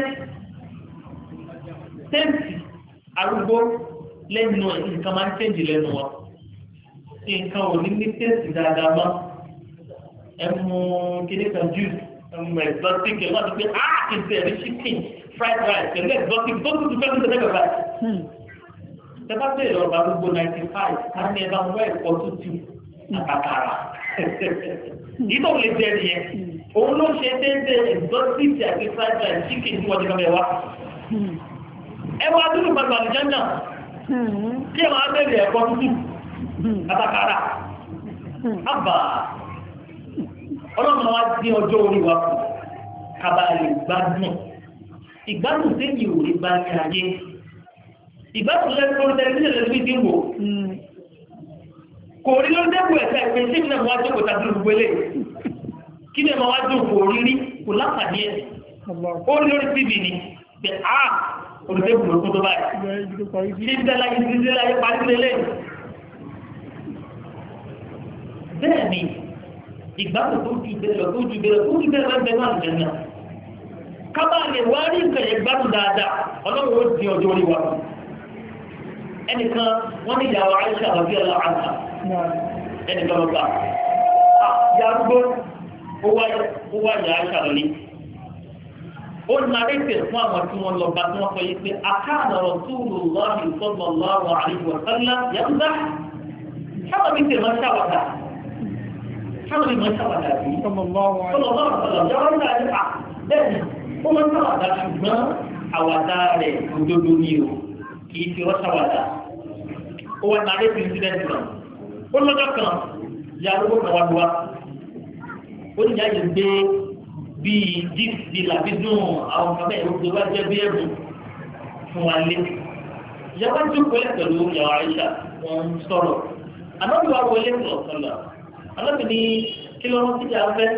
tẹ́ǹtì arúgbó lẹ́nu nǹkan máa ń tẹ́ǹtì lẹ́nu wọn nǹkan ò ní ní tẹ́sì dáadáa mọ́ ẹmu kéde kan jù ẹmu exotic ẹ̀ láti pé á ti bẹ̀rẹ̀ chicken fried rice pẹ̀lú exotic tó tún fẹ́ tún tẹ́lẹ̀ bàbá. tẹ́lá bẹ̀rẹ̀ ọ̀bà gbogbo ninety five ká ní ẹ bá wọ ẹ̀kọ́ tó tù àtàkàrà. Hmm. ìtọ́ lè jẹ nìyẹn hmm. òun ló ṣe déédéé exotic àti fried rice chicken tí wọ́n ti kọ́ bẹ̀ wá. ẹ wá dúró pàtàkì jẹ́ náà hmm. kí ẹ máa bẹ̀rẹ̀ ẹ̀kọ́ tuntun àtàkárà àbà ọlọ́run wa dín ọjọ́ orí wa kù kaba lè gbádùn ìgbádùn sẹ́yìn ìwòye bá ní ayé ìgbádùn lẹ́nu lórí tẹlifíṣàn lẹ́nu bí dín wò kò rí lórí dẹ́kù ẹ̀ka ìpè sí ìpínlẹ̀ wọn wájú kò tàbí gbogbo ilé kí ni wọn wájú kò rí rí kò láǹfààní ẹ̀ ó rí lórí tv ni bẹ́ẹ̀ á olùdókòwò tó tó báyìí ṣíṣẹ́ láyé ṣíṣẹ́ láyé parí lélẹ́yìn bẹ́ẹ̀ ni ìgbàlù tó ju bẹ́ẹ̀ lọ tó ju bẹ́ẹ̀ lọ tó ju bẹ́ẹ̀ lọ bẹ́ẹ̀ máa jẹ náà kábà lè wá rí nǹkan yẹn gbádùn dáadáa ọlọ́run ó di ọjọ́ orí wa ẹnìkan wọ́n ní ìyàwó àìsà àbí ọlá àṣà ẹnìkan lọ́gbà ah, yàgbó ó wá ìyá àìsà lọ́lé ó nàrẹ́tẹ̀ fún àwọn tí wọ́n lọ bá tí wọ́n sọ yìí pé akáàdà rọ̀túùlù lọ́rùn sọ́gbọ̀n lọ́rùn àríwọ̀ sọ́lá yàgbá sábà mi tẹ̀ máa ṣàwọ̀dà sọ́ọ̀rì mọ́ sábàdà bí ọlọ́wọ́ ọ̀sọ̀lọ̀ yọ̀rọ̀ náà ní à bẹ́ẹ̀ ó mọ́ sábàdà ṣùgbọ́n àwàdà rẹ̀ òdodo ni o kì í fi ọ́ sábàdà ó kan ó lọ́jọ́ kan ìyàwó kan wá lọ́wọ́ ó ní yáyẹ gbé bíi díìsì làbí dùn àwọn ọmọ bẹ́ẹ̀ gbogbo wá jẹ́ bí ẹ̀rù fún wa lé ìyàwó tó pẹ̀lú ìyàwó àyíṣà wọn sọ̀rọ̀ alábi ní kí ló rántí ìyá fẹ́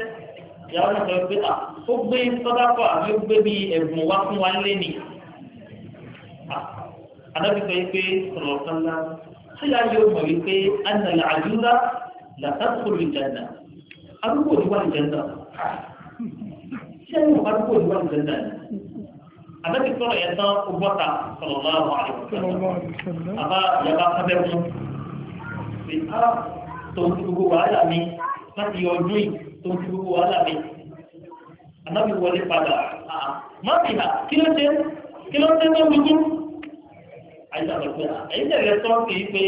ìyá wọn sọ pé à ó gbé sọ́dáfà àbí ó gbé bí ẹ̀bùn wá fún wa lé ní. alábi sọ pé sọ̀rọ̀ sọ́lá tí a yóò mọ̀ wípé anàlẹ́ àdúrà làtàkùn ìjànà arúgbó ìwà ìjànà ṣé ẹ̀yìn arúgbó ìwà ìjànà ni. alábi sọ̀rọ̀ yẹn tán ó bọ́ta sọ̀rọ̀ láwọn àìsàn àbá yàrá sábẹ́ fún tó ń fi gbogbo wàhálà mi láti ọdún yìí tó ń fi gbogbo wàhálà mi anábì wọlé padà má bì hà kí ló dé kí ló dé tó gbogbo àyíká lọ pé èyí tẹ̀lé tó ń fi pé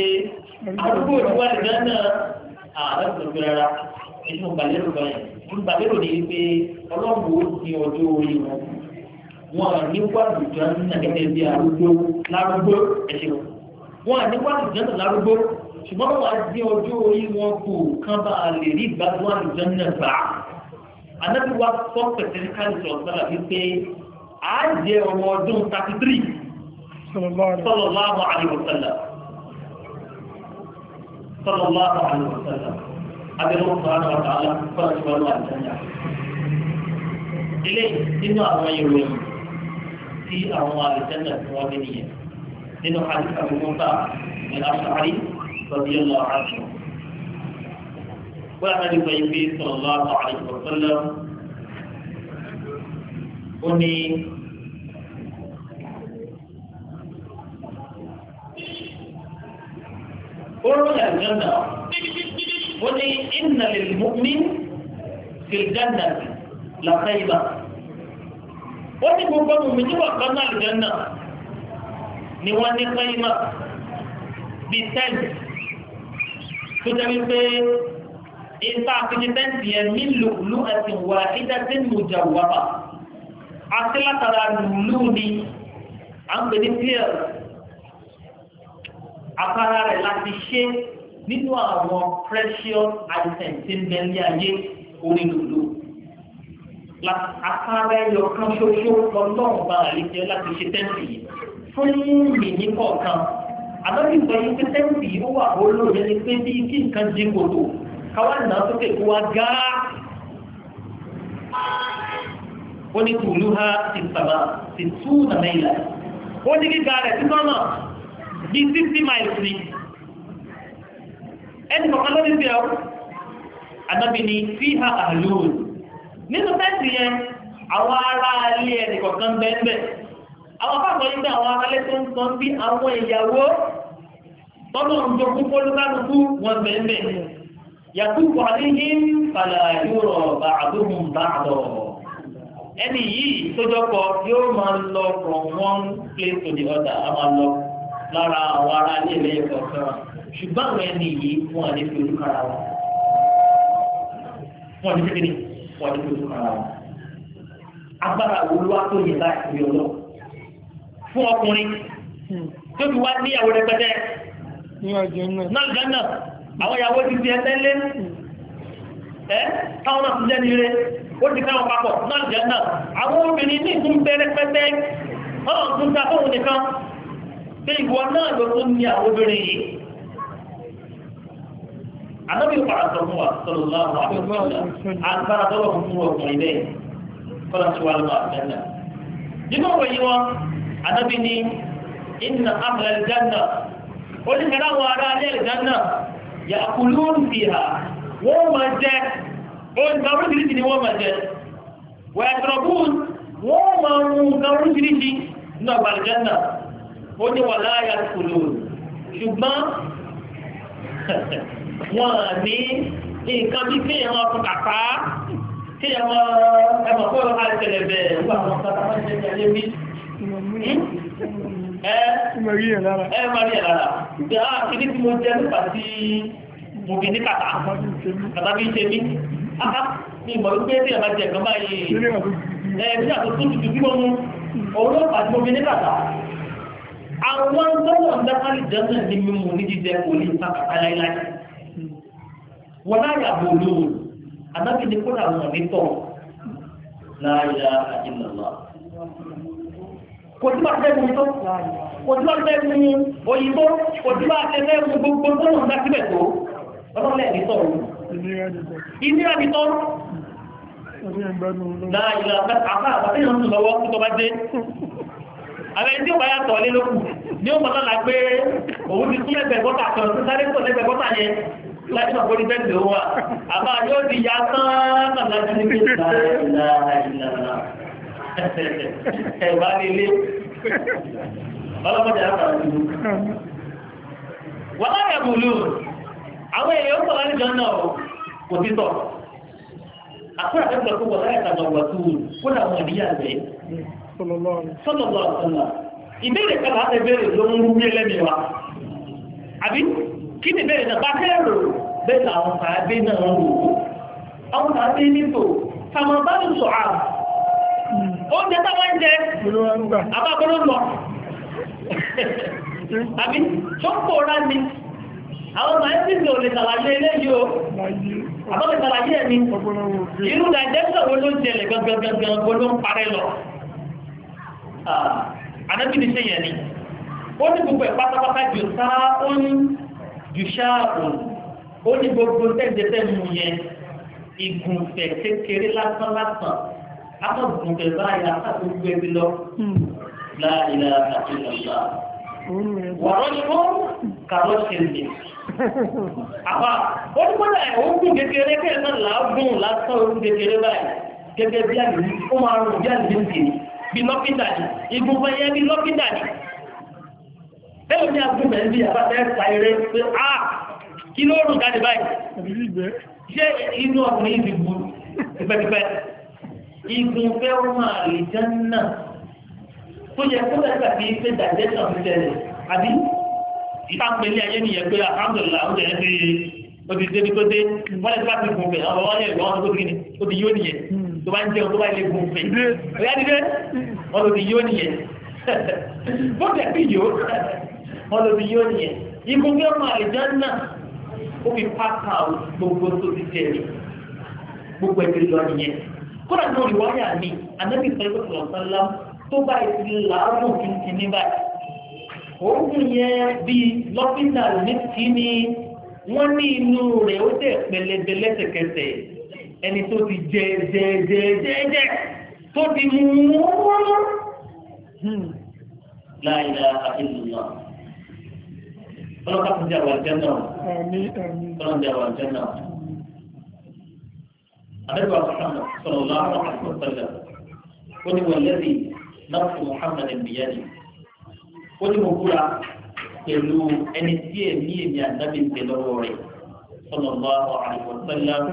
àdúgbò ìwà ìgbà náà ààrẹ tó rárá inú gbàlérò báyìí inú gbàlérò ni pé ọlọ́run ó di ọjọ́ orí wọn wọn nípa àdùjọ náà gẹ́gẹ́ bí arúgbó lárúgbó ẹ̀ṣẹ̀ wọn nípa àdùjọ náà lárúgbó ṣùgbọ́n wà á di ọjọ́ orí wọn kò kán bá a lè rí ìgbádùn àlùjọ́n náà bá anábì wa sọ pẹ̀sẹ̀ ní káyọ̀sì ọ̀sán wípé a jẹ ọmọ ọdún thirty three sallallahu alaihi wasallam sallallahu alaihi wasallam abẹ́rẹ́ ọ̀sán àwọn àtàlà fọ́nà tí wọ́n lọ àjọyìn ilé nínú àwọn ìròyìn tí àwọn àlùjọ́n náà fún wọn nínú yẹn nínú àdìsá gbogbo ta ní aṣọ àríyìn. رضي الله عنه وعن النبي صلى الله عليه وسلم أني قرن الجنة أني إن للمؤمن في الجنة لخيبة أني قرن من وقنا الجنة ni wọ́n ní kọ́ bíi tẹ́lẹ̀ tó jẹ́ wípé ìta àfijitẹ́ǹtì yẹn nílò lú ẹ̀sìn wà ìdẹ́sí mùjà wàbà àti látara lù ní à ń pè ní pl àpárá rẹ̀ láti ṣe nínú àwọn precious items tí ń bẹ ayé orí lòlò àpárá ẹyọ kan ṣoṣo lọ́nà ọba àlejò láti ṣe tẹ́ǹtì yìí fún mímì ní kọ̀ọ̀kan àtọ́jú sọ yìí pé tẹ́ǹtì ó wà olóòrò ẹni pé bí kí nǹkan jí gbòdò káwá nà sókè kó wá gáá ó ní tùlú ha ti sàmà ti tú nà mẹ́ìlà ó ní gíga rẹ̀ sí sọ́nà bí sixty miles ni ẹni kọ̀ọ̀kan lórí bí ọ àdàbí ni fi ha àlóòrò nínú tẹ́ǹtì yẹn àwọn ará ilé ẹnì kọ̀ọ̀kan bẹ́ẹ̀ bẹ́ẹ̀ àwọn fáwọn yìí àwọn abalẹ̀ tó ń sọ bí àwọn ìyàwó tọ́lọ̀ ń jọ kú fọ́lùkánukú wọn bẹ̀ẹ̀bẹ̀ yàtú kọ̀ọ̀lì yìí fàlà yóò bá àdóhùn bá àdọ̀ ẹni yìí tó jọpọ̀ yóò máa lọ from one place to the other a máa lọ lára àwọn ará ilé ìlẹ́yìn kọ̀ọ̀kan ṣùgbọ́n àwọn ẹni yìí wọn àlè fi orúkọ ara wọn wọn àlè fi orúkọ ara wọn agbára wo ló wá tó yẹ báyìí fún ọkùnrin tó fi wá níyàwó rẹpẹtẹ náà gánà àwọn ìyàwó ti di ẹtẹ́lé ẹ́ táwọn náà ti jẹ́ nire ó ti káwọn papọ̀ náà gánà àwọn obìnrin ní ìtún bẹ rẹpẹtẹ ọ̀rọ̀ tún ta fóun nìkan pé ìwọ náà ló tún ní àwọn obìnrin yìí anábì pàrọ̀ sọ fún wa sọ̀rọ̀ láwọn àgbàrá tọ́lọ̀ fún ọkùnrin bẹ́ẹ̀ kọ́lá tí wà lọ́wọ́ àgbẹ̀ náà nínú òwe yìí wọn anábì ní inna ahla aljanna ó ní kẹ́lá àwọn ará alẹ́ aljanna ya'kulun fiha wọ́n máa jẹ oúnjẹ oríṣiríṣi ni wọ́n máa jẹ wa yashrabun wọ́n máa mú nǹkan oríṣiríṣi ní ọgbà aljanna ó ní wà láyà kùlù ṣùgbọ́n wọ́n ní nǹkan bí kéèyàn máa fún kàkà kéèyàn máa ẹ̀mọ̀ kó ìṣẹ̀lẹ̀ bẹ̀rẹ̀ wọ́n àwọn kàkà ẹ mọ̀ rí ẹ̀ lára ẹ mọ̀ rí ẹ̀ lára ìgbà kìíní tí mo jẹ́ nípa tí mo fi ní kàtà kàtà bí ṣe mí ní ìmọ̀ wípé tí ẹ̀bá jẹ́ ẹ̀kan báyìí ẹ̀ bí àtúntò tuntun bí wọ́n mú òun ló pàtó mo fi ní kàtà àwọn tó wọ̀ ń dáká ní mímú ní jíjẹ kò ní sàkàtà láíláí wọn láyà bò lóòrùn àdábìnrin kó làwọn ní tọ̀ láyà àjẹmọ̀lá kò tí máa fẹ́ mú tó kò tí máa fẹ́ mú òyìnbó kò tí máa fẹ́ mú gbogbo tó ń dá síbẹ̀ tó ọlọ́lẹ̀ ní tọ́ ìnira ní tọ́ láàyè àbá àbáyọ̀ ń lọ́wọ́ kó tó bá dé àwọn ẹni tí ó bá yàtọ̀ lé lókù ní ó mọ̀tọ́ la pé òun ti tún lẹ́gbẹ̀ẹ́ bọ́tà kan tó sáré tó lẹ́gbẹ̀ẹ́ bọ́tà yẹn láti máa borí bẹ́ẹ̀ lò wà àbá yóò di ya tán láti ní pé ẹ̀bá nílé ọlọ́pàá jẹ́ àpàrà nínú wọ́n láyé bùlù àwọn èèyàn ń pọ̀lá níjọ náà kò títọ̀ àkúrà tó sọ pé wọ́n láyé tàbí ọgbà tó wù kó dà wọn ìdíyà rẹ̀ sọ́lọ́lọ́ ọ̀sánlá ìbéèrè kan láti béèrè ló ń rú lẹ́mí wa àbí kí ni ìbéèrè náà bá kẹ́rù bẹ́ẹ̀ oúnjẹ táwọn ń jẹ àbákọ́lọ́ lọ àbí tó pòórá ni àwọn maẹ́sìsì ò lè tàlàyé ilé yóò àbọ́lẹ̀ tàlàyé ẹni irú dàìjẹ́sọ̀ wo ló jẹlẹ̀ gangan wo ló ń parẹ́ lọ àdábì ní ṣe yẹn ni ó ní gbogbo ẹ̀ pátápátá jù sáá ó ń jù ṣáàbù ó ní gbogbo tẹ́jẹ́tẹ́ mú yẹn ìgùnfẹ̀ kékeré lásán lásán akọ̀tún tẹ báyìí akọ̀tún gbé mi lọ láàrin àti ìlànà. wọ̀rọ̀ ni wọ́n kàrọ̀ ṣe lè. àwa ó ní kọ́lá ẹ̀ ó gùn kékeré kẹ́ ẹ̀ náà làágùn lásán ó gùn kékeré báyìí gẹ́gẹ́ bí àná ó máa rùn bí àná ń kiri bí lọ́kítà ni igun fẹ́yẹ́ bí lọ́kítà ni. bẹ́ẹ̀ ni agbóhùn ẹ̀mí àbáfẹ́ ẹ̀ka eré pé a kí ló rùn jáde báyìí. ṣé inú ọkùnrin ti bu tipẹ́tipẹ́ igun fẹ́ máa lè jẹ́ náà tó yẹ kó lẹ́sà kí pé digestion ti tẹ̀lé àbí ìtàpẹ̀lẹ̀ ayé nìyẹn pé alhamdulillah ó tẹ̀lé pé ó ti débi tó dé wọ́n lè sábà fi gùn fẹ̀ àwọn wọ́n yẹ ìwọ́n tó ti ó ti yó nìyẹn tó bá ń jẹun tó bá lè gùn fẹ̀ ọ̀yá dídé wọ́n ló ti yó nìyẹn bó tẹ̀ bí yó wọ́n ló ti yó nìyẹn igun fẹ́ máa lè náà ó fi pàkà gbogbo tó ti tẹ̀lé gbogbo ẹ̀ kódà ní olùwárí àmì ànábì sọ̀rọ̀ sọ̀rọ̀ sọ́lá tó bá ìsìn làágùn kìntìn ní báyìí. òògùn yẹn bíi lọ́fíńdà ní kí ni wọ́n ní inú rẹ̀ ó dẹ̀ pẹlẹbẹ lẹ́sẹ̀kẹsẹ̀ ẹni tó ti jẹ jẹ jẹ jẹ jẹ tó ti mú wọ́n. láìla àìlùmọ̀ ọlọ́kà tó jẹ́ àwọn àjẹ́ náà ọlọ́kà tó jẹ́ àwọn àjẹ́ náà. أنبوى محمد صلى الله عليه وسلم قل هو الذي نفس محمد بيده قل هو كلا pẹ̀lú ẹni tí èmi èmi ànábì ń pè lọ́wọ́ rẹ̀ sallallahu alaihi wa sallam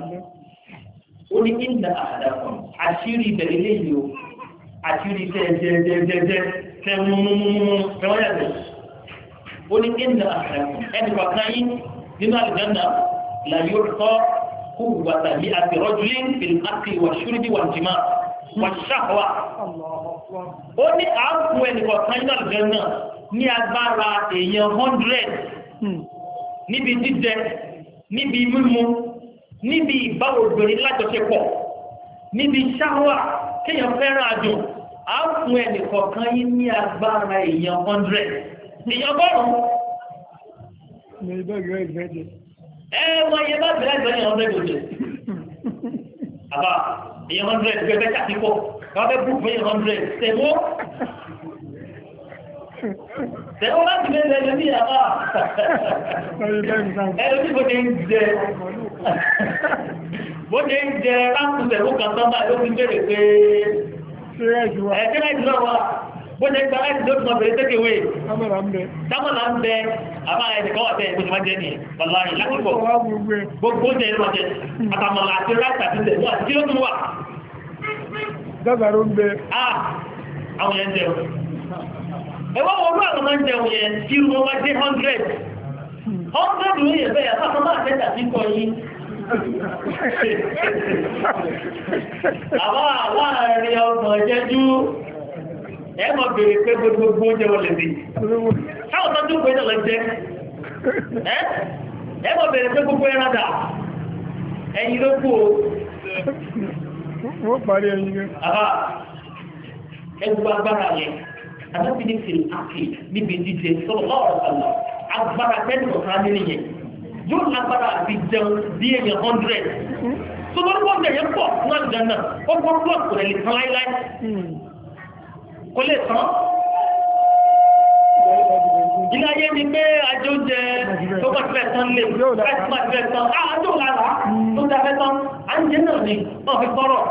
ó ní ìlà àdàkùn àṣírí ìbẹ̀rẹ̀ léyìí o àṣírí tẹ́ẹ̀tẹ́ẹ̀tẹ́ẹ̀tẹ́ tẹ́ múmúmúmú tẹ́wọ́n yàtọ̀ ó ní ìlà àdàkùn ẹnì kọ̀ọ̀kan yìí nínú àlùjánnà là yóò tọ́ قوة مئة رجل في الأكل والشرب والجماع والشهوة ó ní àákùn ẹnìkọ̀ọ̀kan iná àlùjànnà ní agbára èèyàn 100 hmm. níbi jíjẹ níbi mímu níbi ìbáwò obìnrin lájọṣepọ̀ níbi ṣáwà kéèyàn fẹ́ràn àjò àákùn ẹnìkọ̀ọ̀kan yín ní agbára èèyàn 100 èèyàn bọ́rùn-ún ẹ wọ́n yẹ bá bẹ̀rẹ̀ ìgbẹ́ni ọ̀rẹ́ gbòdì àbá èyàn hundred gbé bẹ́ẹ̀ tàbí pọ̀ wọ́n fẹ́ bú fún èyàn hundred tẹ̀wọ́ tẹ̀wọ́ láti lé lẹ́nu ní àbá ẹ̀rọ tí bóde ń jẹ bóde ń jẹ láti tẹ̀wọ́ kan tán báyìí ó fi bẹ̀rẹ̀ pé ẹ̀kẹ́rẹ́ ìdúrà wa bó ṣe gba láti lóòtù náà bẹ̀rẹ̀ tẹ́kẹ̀wé dámọ̀lá ń bẹ àmà ẹnìkan wà tẹ́ ìpínlẹ̀ máa jẹ́ ní ọ̀la ìlàkùnkọ̀ gbogbo oúnjẹ ìlú ọjẹ́ àtàmọ̀lá àti ráìtà ti tẹ̀ wà kí ló tún wà. dábàrò ń bẹ. a àwọn yẹn jẹun ẹwọ́n wọn ló àwọn máa ń jẹun yẹn kí irú wọn bá hundred hundred ló yẹ bẹ́ẹ̀ àtàkùn máa tẹ́tà sí kọ yín àwọn àwọn àárín ọgbọ̀n jẹ́jú ẹ mọ̀ bèèrè pé gbogbo oúnjẹ wọn lè rí táwọn tó dúpọ̀ ìjọ lọ jẹ ẹ mọ̀ bèèrè pé gbogbo ẹran dà ẹyin ló kú o wọ́n parí ẹyin rẹ̀ ẹgbẹ́ agbára yẹn adábìlì fèrè àkè níbi jíjẹ sọ̀rọ̀ lọ́wọ́ sọ̀rọ̀ agbára tẹ́lẹ̀ ọ̀sán nílé yẹn yóò lágbára àti jẹun bí èèyàn hundred sọlọ́rọ́ bọ́ọ̀dù ẹ̀yẹ pọ̀ fún àgbà náà ó gbọ́ bọ́ọ̀dù rẹ̀ lè tán láíláí kò lè tán ilé ayé ni pé ajó jẹ tó bá fẹ́ tán lè fẹ́ fẹ́ tán ah, àjò lára tó dá fẹ́ tán à ń jẹ́ náà ni wọ́n fi gbọ́rọ̀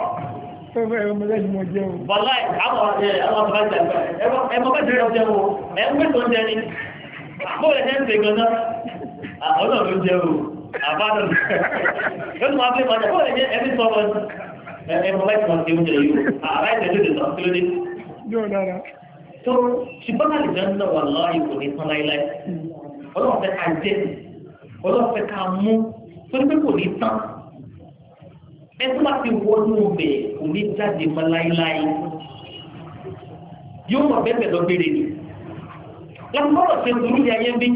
Wàláì, àwọn ọ̀rọ̀ ẹ̀mọ́ bá jẹ́ ọjọ́ wo, ẹ̀mọ́ tó jẹ́ ni, àbúrẹ̀ jẹ́ ń pè gan náà, ọlọ́run jẹ́ o, àbádọ̀. Yóò tún wá pé máa jẹ́, àbúrẹ̀ jẹ́ ẹbí sọ́wọ́ ẹ̀mọ́ láìpọ̀ sí oúnjẹ yìí, àbáyé yóò dára. tó ṣùgbọ́n náà ìjọ náà wà lọ́ọ̀yì kò ní tán láíláí ọlọ́run fẹ́ ká jẹ́ ọlọ́run fẹ́ ká mú tó ní pé kò ní tán ẹ tó bá ti wọnú ọbẹ̀ kò ní jáde mọ́ láíláí yóò mọ̀ bẹ́ẹ̀ lọ́gbẹ̀rẹ̀ ni lọ́gbọ́rọ̀ ṣe sùúrù ní ayé bí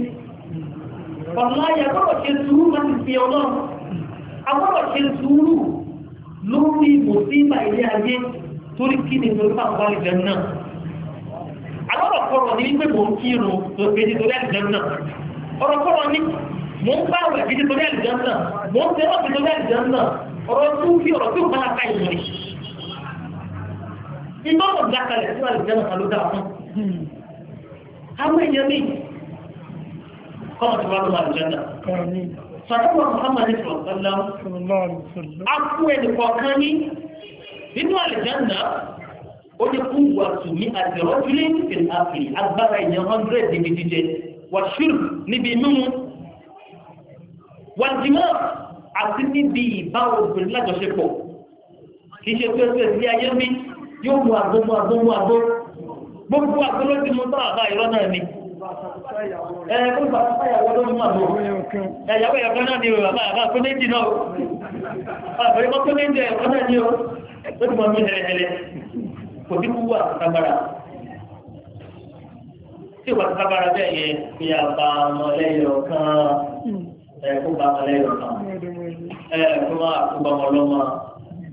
ọ̀la yàgbọ́rọ̀ ṣe sùúrù láti fi ọlọ́run agbọ́rọ̀ ṣe sùúrù lórí mùsíbà torí kí ni torí máa wá ìjẹun náà àlọ́rọ̀ kọ̀rọ̀ ní wípé mò ń kírun tó ṣe nítorí àìjẹun náà ọ̀rọ̀ kọ̀rọ̀ ní mò ń báwẹ̀ bí nítorí àìjẹun náà mò ń tẹ́wọ́ bí nítorí àìjẹun náà ọ̀rọ̀ tó fi ọ̀rọ̀ tó bá ká ìwọ̀n rẹ̀ iná mọ̀ ní akalẹ̀ tó àìjẹun náà ló dáa fún àwọn èèyàn mi kọ́mọ̀ tó wá lọ́wọ́ àìjẹun náà sọ̀tọ́ nínú àlìjáná ó ní kú wà tùmí àdìrọ́júlé ìfìlì àfìlì agbára èèyàn hundred níbi jíjẹ wà ṣùrù níbi mímu wà jìmọ́ àti níbi ìbá obìnrin lájọṣepọ̀ kì í ṣe pé pé sí ayé mi yóò mú àgbo mú àgbo mú àgbo gbogbo àgbo ló ti mú tọ́ àbá ìrọ́ náà ẹ ẹ kó bàbá báyàwó ló ní màbò ẹ̀yàwó ẹ̀yàwó náà ni o bàbá àbá kó méjì náà o bàbá kó méjì ẹ̀yàwó náà ni o ó ti mọ mí hẹlẹhẹlẹ kò ní wúwo àtàkàbàrà tí ìwà àtàkàbàrà bẹ́ẹ̀ yẹ kí a bá ọmọ lẹ́yìn ọ̀kan ẹ̀ kó bá ọmọ lẹ́yìn ọ̀kan ẹ̀ kó má kó bá ọmọ lọ́mọ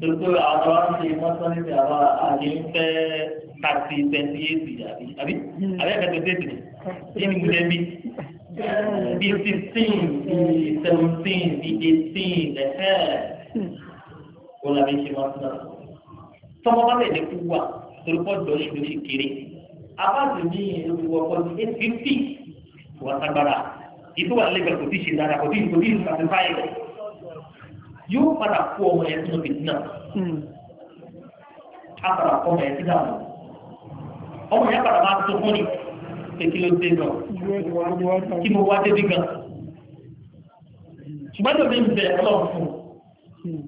gbogbo àwọn àti mọ́tọ́nìtì àwọn àdé ń fẹ́ kàtì twenty eight àbí àbí àbí àkàtì twenty eight ní ìmúlẹ̀ bí bí fifteen bí seventeen bí eighteen ẹ̀hẹ́ kó làbí ṣe mọ́tọ́nìtì tọ́mọ bá bẹ̀rẹ̀ kú wa torúkọ dọ̀lé ló fi kéré abáàdì ní ìlú ọkọ ní eight fifty wà sagbara ìlú wà lẹ́gbẹ̀ẹ́ kò tí ì ṣe dára kò tí ì kò tí ì ṣàfi báyìí rẹ̀ yóò padà kó ọmọ yẹn sínú bìtì náà á padà kó ọmọ yẹn sí dáàbò ọmọ yẹn padà máa tó fún ni pé kí ló dé náà kí mo wá débi gan ṣùgbọ́n tó fi ń bẹ̀ ọlọ́run fún un hmm.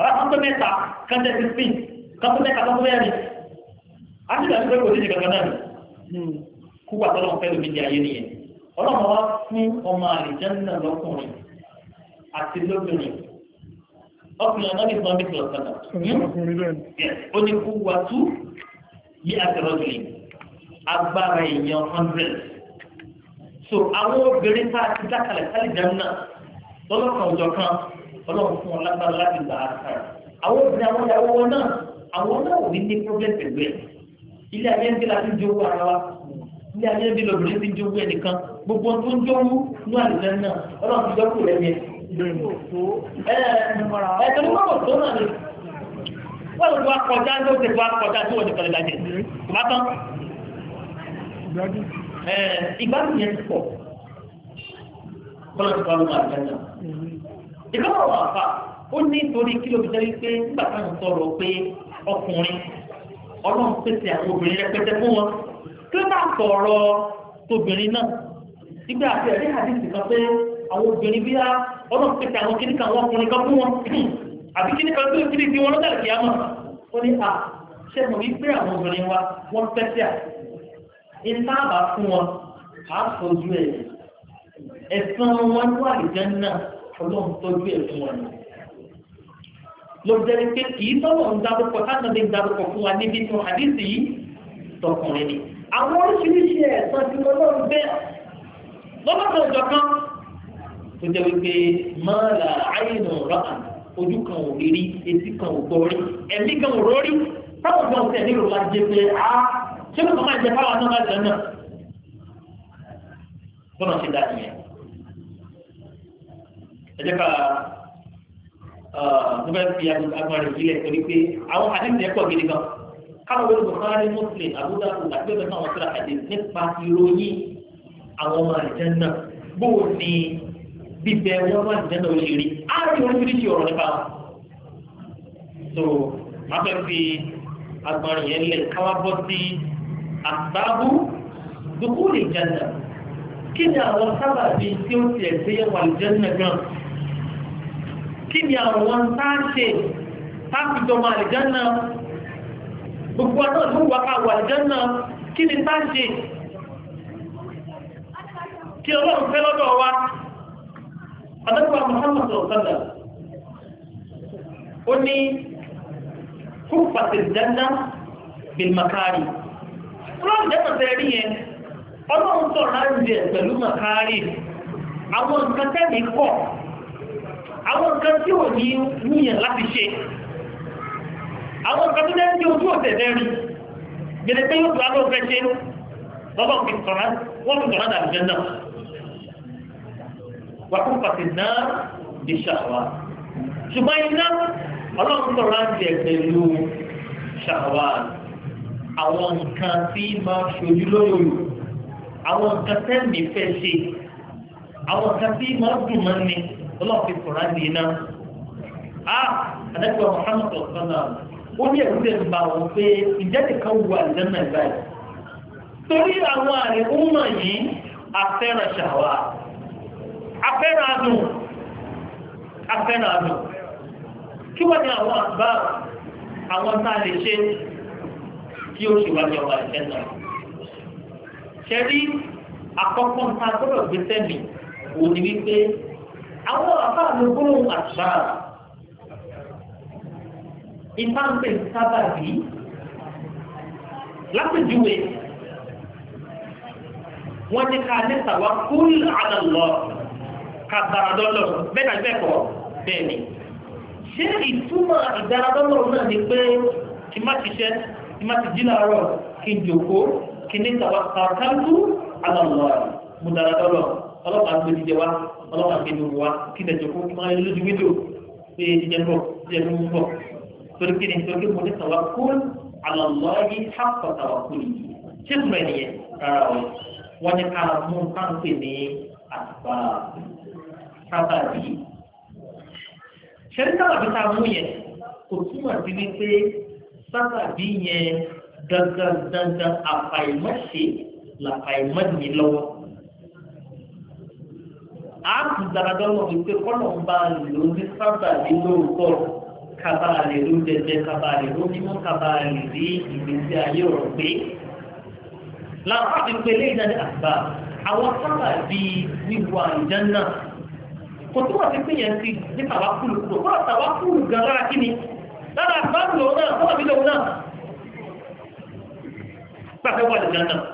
ọlọ́run tó mẹ́ta kẹ́ńtẹ́ fifteen kátó mẹ́ta kátó mẹ́rin á ti dàbí pé kò sí ìdí kankan náà kú wà tọ́lọ́ fẹ́ lómi di ayé nìyẹn ọlọ́mọ wa fún ọmọ àlìjẹ́nà lọ́kùnrin àti lóbìnrin ọkùnrin ọ̀nà ní ìfọ̀n bíkì ọ̀sán náà ó ní kú wà tú bí àtẹ̀rọ̀dùnrin agbára èèyàn hundred so àwọn obìnrin tá a ti dákalẹ̀ sálìjẹ́nà lọ́lọ́kan ọjọ́ kan ọlọ́run fún wọn lágbára láti gbà á sára àwọn obìnrin àwọn ìyàwó wọn àwọn náà ò ní ní problem pẹ̀lú ẹ̀ ilé ayé ń bí la fi ń jowó ara wa ilé ayé ń bí lọ́bìnrin fi ń jowó ẹnìkan gbogbo tó ń jowó ní àlùfẹ́ náà ọlọ́run ti dọ́kù rẹ̀ yẹn. ẹ ẹ tó ní mọ́tò tó náà ni wọ́n lè wá kọjá ló ti wá kọjá tó wọ́n ti kọjá jẹ kò bá tán. ìgbádùn yẹn ti pọ̀ kọ́lọ́ ti kọ́ ló máa náà. ìgbádùn wà fà ó ní nítorí kí ló fi jẹ́ pé nígbà táwọn sọ̀rọ̀ pé ọkùnrin ọlọ́run pèsè àwọn obìnrin rẹpẹtẹ fún wọn kí ló bá sọ̀rọ̀ tóbìnrin náà nígbà àti ẹ̀rí àdìsí kan pé àwọn obìnrin bí a ọlọ́run pèsè àwọn kíníkà àwọn ọkùnrin kan fún wọn àbí kíníkà tó ń kiri di wọn lọ́dà kìí àmọ́ ó ní à ṣe mọ̀ wípé àwọn obìnrin wa wọ́n pèsè à ìta àbá fún wọn à fojú ẹ̀ ẹ̀sán wọn wà ìjẹ́ náà ọlọ́run tọ́jú ẹ̀ fún wọn ló jẹ́ pé kì í sọ́wọ́ ń dárúkọ tánàbí ń dárúkọ fún wa níbi tí wọ́n àdísì yìí tọkùnrin ni àwọn oríṣiríṣi ẹ̀sán ti lọ́lọ́run bẹ́ẹ̀ lọ́lọ́run ọjọ́ kan tó jẹ́ wípé máa là áyìnà rọ́à ojú kan ò rí etí kan ò gbọ́ rí ẹ̀mí kan ò rọ́rí táwọn kan tẹ̀ nílò máa jẹ pé a ṣé kò máa jẹ fáwọn náà láti ọ̀nà bọ́nà tó ah, bá fi agbára rẹ̀ sílẹ̀ torí pé àwọn àdéhùn ẹ̀kọ́ gidi gan káwọn olóògbé káwọn muslim abúlé àkùnà pé bẹ́ẹ̀ náà wọ́n tẹ̀lé àdé nípa ìròyìn àwọn ọmọ àdìjẹ́ náà bó o ní bíbẹ wọn ọmọ àdìjẹ́ náà ṣe rí á rí oríṣiríṣi ọ̀rọ̀ nípa wọn. so má fẹ́ fi agbára yẹn lẹ̀ káwá bọ́ sí àgbábú dùkú lè jẹ́ náà kí ni àwọn sábàbí tí ó ti ẹ̀ kí ni àwọn wọn tá ń ṣe táàfi jọmọ àlìjánná gbogbo àná ló wà ká wà àlìjánná kí ni tá ń ṣe kí ọlọ́run fẹ́ lọ́dọ̀ wa adọ́gba Muhammad ọ̀sánà ó ní kúpàtì ìjánná bìlmakari ọlọ́run jẹ́ pàtẹ́ rí yẹn ọlọ́run sọ̀rọ̀ láti pẹ̀lú makari àwọn nǹkan tẹ́lẹ̀ kọ̀ àwọn nǹkan tí ò ní níyàn láti ṣe àwọn nǹkan tó jẹ́ ní ojú ọ̀sẹ̀ rẹ̀ rí gẹ̀rẹ̀ pé yóò tó alóò fẹ́ ṣe lọ́bọ̀ fi sọ̀rọ̀ wọ́n fi sọ̀rọ̀ dàbí jẹ́nà wà fún pàtì náà di ṣàwà ṣùgbọ́n iná ọlọ́run sọ̀rọ̀ àti ẹ̀pẹ̀lú ṣàwà àwọn nǹkan tí máa ṣojú lóyòyò àwọn nǹkan tẹ́ẹ̀mì fẹ́ ṣe àwọn nǹkan tí máa dùn mọ́ ni ọlọ́ọ̀fi kùrán ní iná a àdẹ́gbẹ́ Muhammad ọ̀sánà ó ní ẹ̀rú lè bá wọn pé ìjẹ́ nìkan wù àlùjànnà báyìí torí àwọn àríwúmọ̀ yìí afẹ́ràn ṣàwà afẹ́ràn adùn afẹ́ràn adùn kí wọ́n ní àwọn àgbà àwọn tá a lè ṣe tí ó ṣe wájú ọba ìṣẹ́nà ṣẹ́rí àkọ́kọ́ nǹkan gbọ́dọ̀ gbé sẹ́mi òun wípé àwọn àbá mi gbóhùn àṣà ìfá ń pè sábà bí lápèjúwe wọ́n ní ká ní sàwá kúrú àdà lọ ká dáradọ́lọ̀ bẹ́ẹ̀ náà bẹ́ẹ̀ kọ́ bẹ́ẹ̀ ni ṣé ìtumọ̀ ìdáradọ́lọ̀ náà ni pé kí má ti ṣe kí má ti jí láàárọ̀ kí n jòkó kí ní sàwá kàkàndú àdà lọ mú dáradọ́lọ̀ ọlọ́pàá ń gbé jíjẹ wá ọlọ́pàá fi lù wá kí lè jẹ́ fún máa lójú wíńdò pé jíjẹ bọ̀ jíjẹ ló ń bọ̀ torí kí ni torí mo ní sọ̀rọ̀ kún àlọ́lọ́yí hàpọ̀ sọ̀rọ̀ kún yìí ṣé mo rẹ̀ nìyẹn rárá o wọ́n ní ká mú káńpé ní àgbà sábàbí ṣẹ́rí sábàbí tá a mú yẹn kò túmọ̀ sí wípé sábàbí yẹn dandan dandan àfàìmọ̀ṣe làfàìmọ̀ ní a kù dáradọ́ mọ̀ wípé kọ́nà ń bá lè ló ní sábà ní lóòótọ́ kaba lè ló jẹjẹ kaba lè ló mímú kaba lè rí ìgbésí ayé ọ̀rọ̀ pé láwọn àti pé lè jáde àgbà àwọn sábà bí wíwọ àìjánná kò tó wà sí pé yẹn ti ní kàwá kúlù kúrò kó àtàwá gan lára kí ni lára àgbà lòun náà kó àbí lòun náà gbàgbé wà lè jáde náà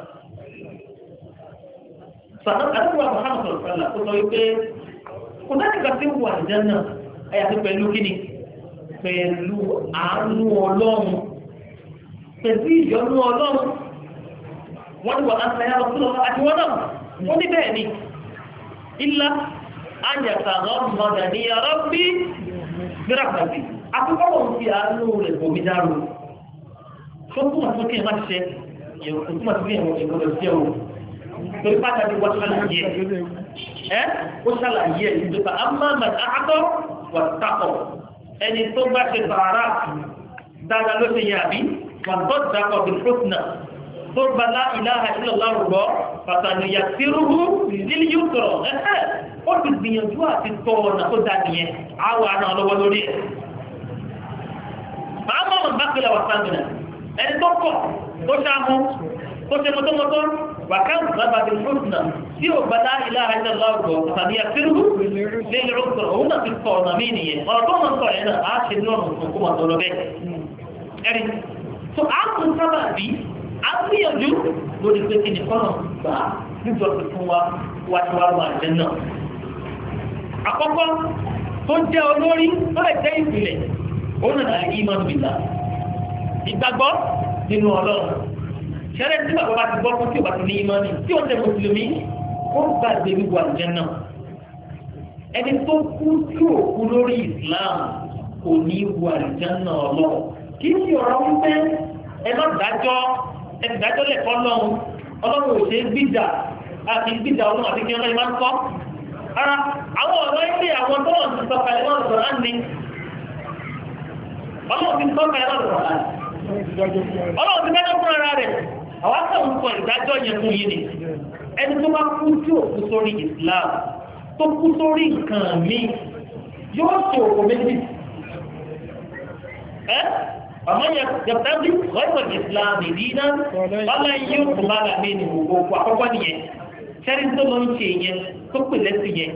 sọ̀rọ̀ àdúgbò Muhammad sọ̀rọ̀ kó sọ wípé kò náà nígbà tí wà ní jẹ́nà àyàfi pẹ̀lú kíni pẹ̀lú àánú ọlọ́run pẹ̀lú ìyọnú ọlọ́run wọ́n ní wà á sẹ́yà lọ́kùnrin àti wọ́n náà wọ́n ní bẹ́ẹ̀ ni ilá àyàtà lọ́mọdà ní yàrá bí gíràpàdì àkọ́kọ́ fi àánú rẹ̀ bòmí dáró tó túmọ̀ tó kí ẹ má torí pàtàkì wọ́n ṣàlàyé ẹ́ ó ṣàlàyé ìjọba amáàmà àtọ́ wà tàkọ̀ ẹni tó bá ṣe sàárà dáadáa ló ṣe yàbí wà tó dàkọ̀ bí fúnà tó bá lá ìlàhà illallah rúbọ pàtàkì yà sí rúrú nílí yóò sọ̀rọ̀ ẹ́ẹ́ ó ti gbìyànjú àti tọ́ ọ̀nà tó dá nìyẹn àwọn àna ọlọ́wọ́ lórí ẹ̀ máa mọ̀ mọ̀ bá kẹlẹ̀ wà sáńgìnà ẹni tó kọ̀ tó ṣáà mú tó ṣe mọ́tọ́mọ́tọ́ wàkàn gbàgbàgbé ṣùgbọ́n tí ò bá dá ilé ara ẹ̀dá lọ́gọ̀ tàbí àfihàn lẹ́yìn rọ́gbọ̀n òun náà ti sọ ọ̀nà mí nìyẹn ọ̀rọ̀ tó ń sọ yẹn náà á ṣe lọ́nà òkú mọ̀ tó lọ bẹ́ẹ̀. ẹ̀rí tó a kò sábà bí a gbìyànjú lórí pé kí ni kọ́nà gbà nítorí fún wa wájú wa wà jẹ́ náà. àkọ́kọ́ tó jẹ́ olórí tó lè jẹ́ ìpìlẹ̀ òun náà ìmọ̀ nínú ọlọ́run ṣẹlẹ̀ tí bàbá bá ti gbọ́ fún tí o bá ti ní ìmọ̀ ni tí o tẹ mùsùlùmí ó gbà dé wíwọ àlùjànnà ẹni tó kú tí o kú lórí Islam kò ní wọ àlùjànnà lọ kí ni ọ̀rọ̀ wípé ẹ má dájọ́ ẹ dájọ́ lẹ̀kọ́ lọ́hùn ọlọ́run ò ṣe é gbìjà àti gbìjà ọlọ́run àti kí ọlọ́run má ń kọ́ ara àwọn ọ̀rọ̀ ilé àwọn tó wọ́n ti sọ kalẹ̀ lọ́rùn sọ̀rọ̀ ọlọ́run ti mẹ́tọ́ fún ara rẹ̀ àwọn akẹ́wọ̀n kọ ìdájọ́ yẹn fún yìí ni ẹni tó bá kú tí ò kú sórí Islam tó kú sórí nǹkan mi yóò ṣe òkò méjì ẹ́ ọmọ yẹn jẹ̀bẹ̀tẹ́bí ọ̀pọ̀ Islam ìdínà ọlá yóò kò bá là mí ní gbogbo àkọ́kọ́ nìyẹn sẹ́rí tó lọ ń ṣe yẹn tó pè lẹ́sìn yẹn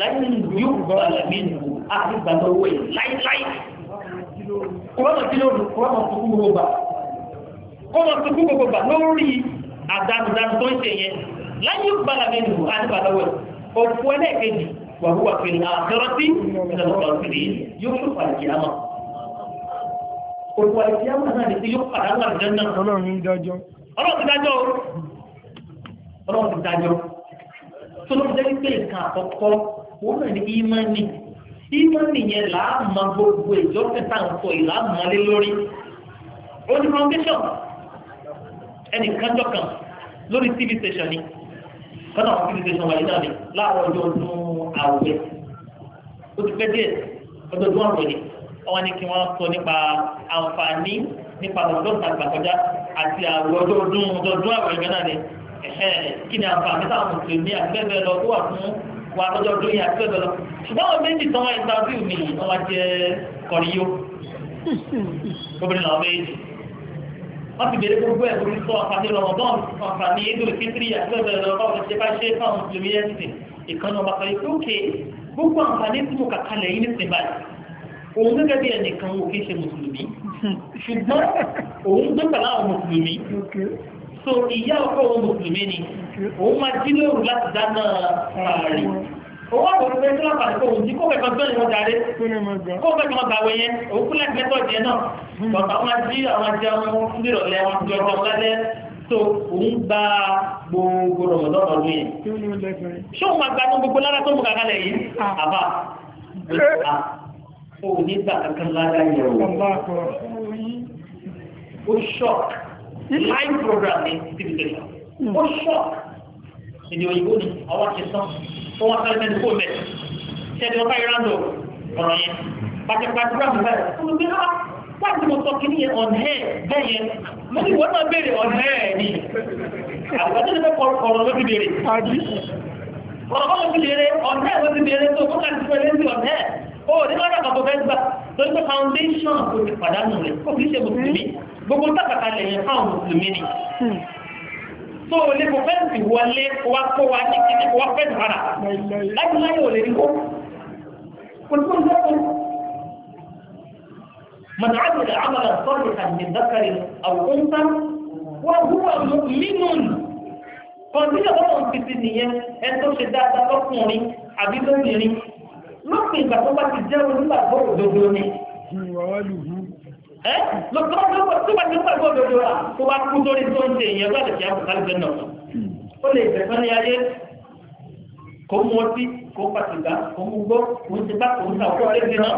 láyé yóò kò bá là mí ní gbogbo àti kọ́mọ̀ kí lóòrùn kọ́mọ̀ tó kún gbogbo gbà kọ́mọ̀ tó kún gbogbo gbà lórí àdánudánù tó ń ṣe yẹn láyé gbàlà mẹ́nu àdìbàlọ́wẹ̀ òkú ẹlẹ́ẹ̀kejì wà wúwà fi àkẹ́rọ́tì ìṣẹ̀lọ́kọ̀ọ́sì yóò fún pàdé àmọ́ òkú àìsí àmọ́ náà ni yóò padà wà lẹ́nu náà ọlọ́run ti dájọ́ ọlọ́run ti dájọ́ tó ló ń jẹ́ pé nǹkan àkọ́kọ́ wọ́n náà ní ìmọ̀ ní ìmọ̀ nìyẹn làámọ̀ gbogbo ìjọ́sìn táwọn sọ yìí làámọ̀ lé lórí ó ní foundation ẹnìkan jọkàn lórí tv station ni kọ́nà àwọn tv station wáyé náà ni láàárọ̀ ọjọ́ ọdún àwẹ̀ ó ti pẹ́ díẹ̀ ọjọ́ ọdún àwẹ̀ ni wọ́n ní kí wọ́n sọ nípa àǹfààní nípa ọ̀dọ́ àgbàkọjá àti àwọ̀ ọjọ́ ọdún ọdún àwẹ̀ náà ni kí ni àǹfààní táwọn mùsùlùmí àgbẹ̀bẹ̀ lọ tó wà fún wà lọ́jọ́ ọdún yìí àti ọ̀dọ́lọ́ ṣùgbọ́n àwọn méjì tán wá ìtàbíù mi wọ́n wá jẹ́ kọ̀ríyó obìnrin làwọn méjì wọ́n ti bèrè gbogbo ẹ̀ lórí sọ àǹfààní rọmọdán àǹfààní édòrè kéńtírì àti ọ̀dọ́lọ́ báwo ṣe bá ṣe fáwọn mùsùlùmí ẹ̀sìn ìkànnì ọba kan yìí ókè gbogbo àǹfààní tí mo kà kalẹ̀ yìí nísìn báyìí òun gẹ́gẹ́ bí ẹnìkan wò kí ṣe mùsùlùmí ṣùgbọ́n òun gbẹ́pẹ̀ láwọn mùsùlùmí so ìyá ọkọ òun mùsùlùmí ni òun máa jí lóru láti dáná fàárì òun àwọn òṣèré tó lápá àti òun tí kò fẹ́ kan sọ́ọ̀nì wọn darí kó fẹ́ kan bá wọ yẹn òun kúlẹ̀ kẹtọ́ jẹ náà hmm. bàbá wọn jí àwọn jẹ ọmọ nírọ̀lẹ́ wọn jọ jọ lálẹ́ so òun gba gbogbo rọ̀mọ̀dọ́ ọdún yẹn ṣé òun máa gba ní gbogbo lára tó mú kàkálẹ̀ yìí ah. àbá òun ah. nígbà kankan lára yẹn o ó ṣọ́ọ̀kì live program ní tv tẹ̀lé hmm. ó ṣọ́ọ̀ èdè òyìnbó ni àwọn ti sàn ó wá sáré mẹ́rin fóònù ẹ̀ ṣẹ́ni ọba ìrànlọ́ ọ̀rọ̀ yẹn pàtẹ́pàtẹ́ bá mi báyìí fún mi náà láti mo sọ kìíní yẹn ọ̀nẹ́ bẹ́ẹ̀ yẹn mo ní wọ́n náà béèrè ọ̀nẹ́ ni àwọn tó ti fẹ́ kọ̀ọ̀rọ̀ ló ti béèrè kọ̀ọ̀rọ̀ ló ti béèrè ọ̀nẹ́ ló ti béèrè tó kó ó ní lọ́rọ̀ kan tó fẹ́ gbà torí pé foundation kò ti pàdánù rẹ̀ kò kì í ṣe mùsùlùmí hmm. gbogbo tàkàtà lè yẹn fáwọn mùsùlùmí ni tó o lè kò fẹ́ǹsì wọlé wa kó wa ní kíní wa fẹ́ǹsì padà láti láyé ò lè rí kó من وهو مؤمن kọ̀ǹtínà bọ́lá ń fi ti nìyẹn ẹni tó ṣe lópin ìgbà tó bá ti jẹ́ onígbàgbọ́ òdodo ni. ẹ lọ́kọ́ tó bá ti gbàgbọ́ òdodo wa tó wá kú lórí tó ń ṣe ìyẹn bá lè fi àbùkálẹ̀ bẹ́ẹ̀ náà. ó lè bẹ̀rẹ̀ ní ayé kò mú ọtí kò pàtìgbà kò mú gbọ́ kò ń tibá kò ń ta ọkọ rẹ̀ dìnnà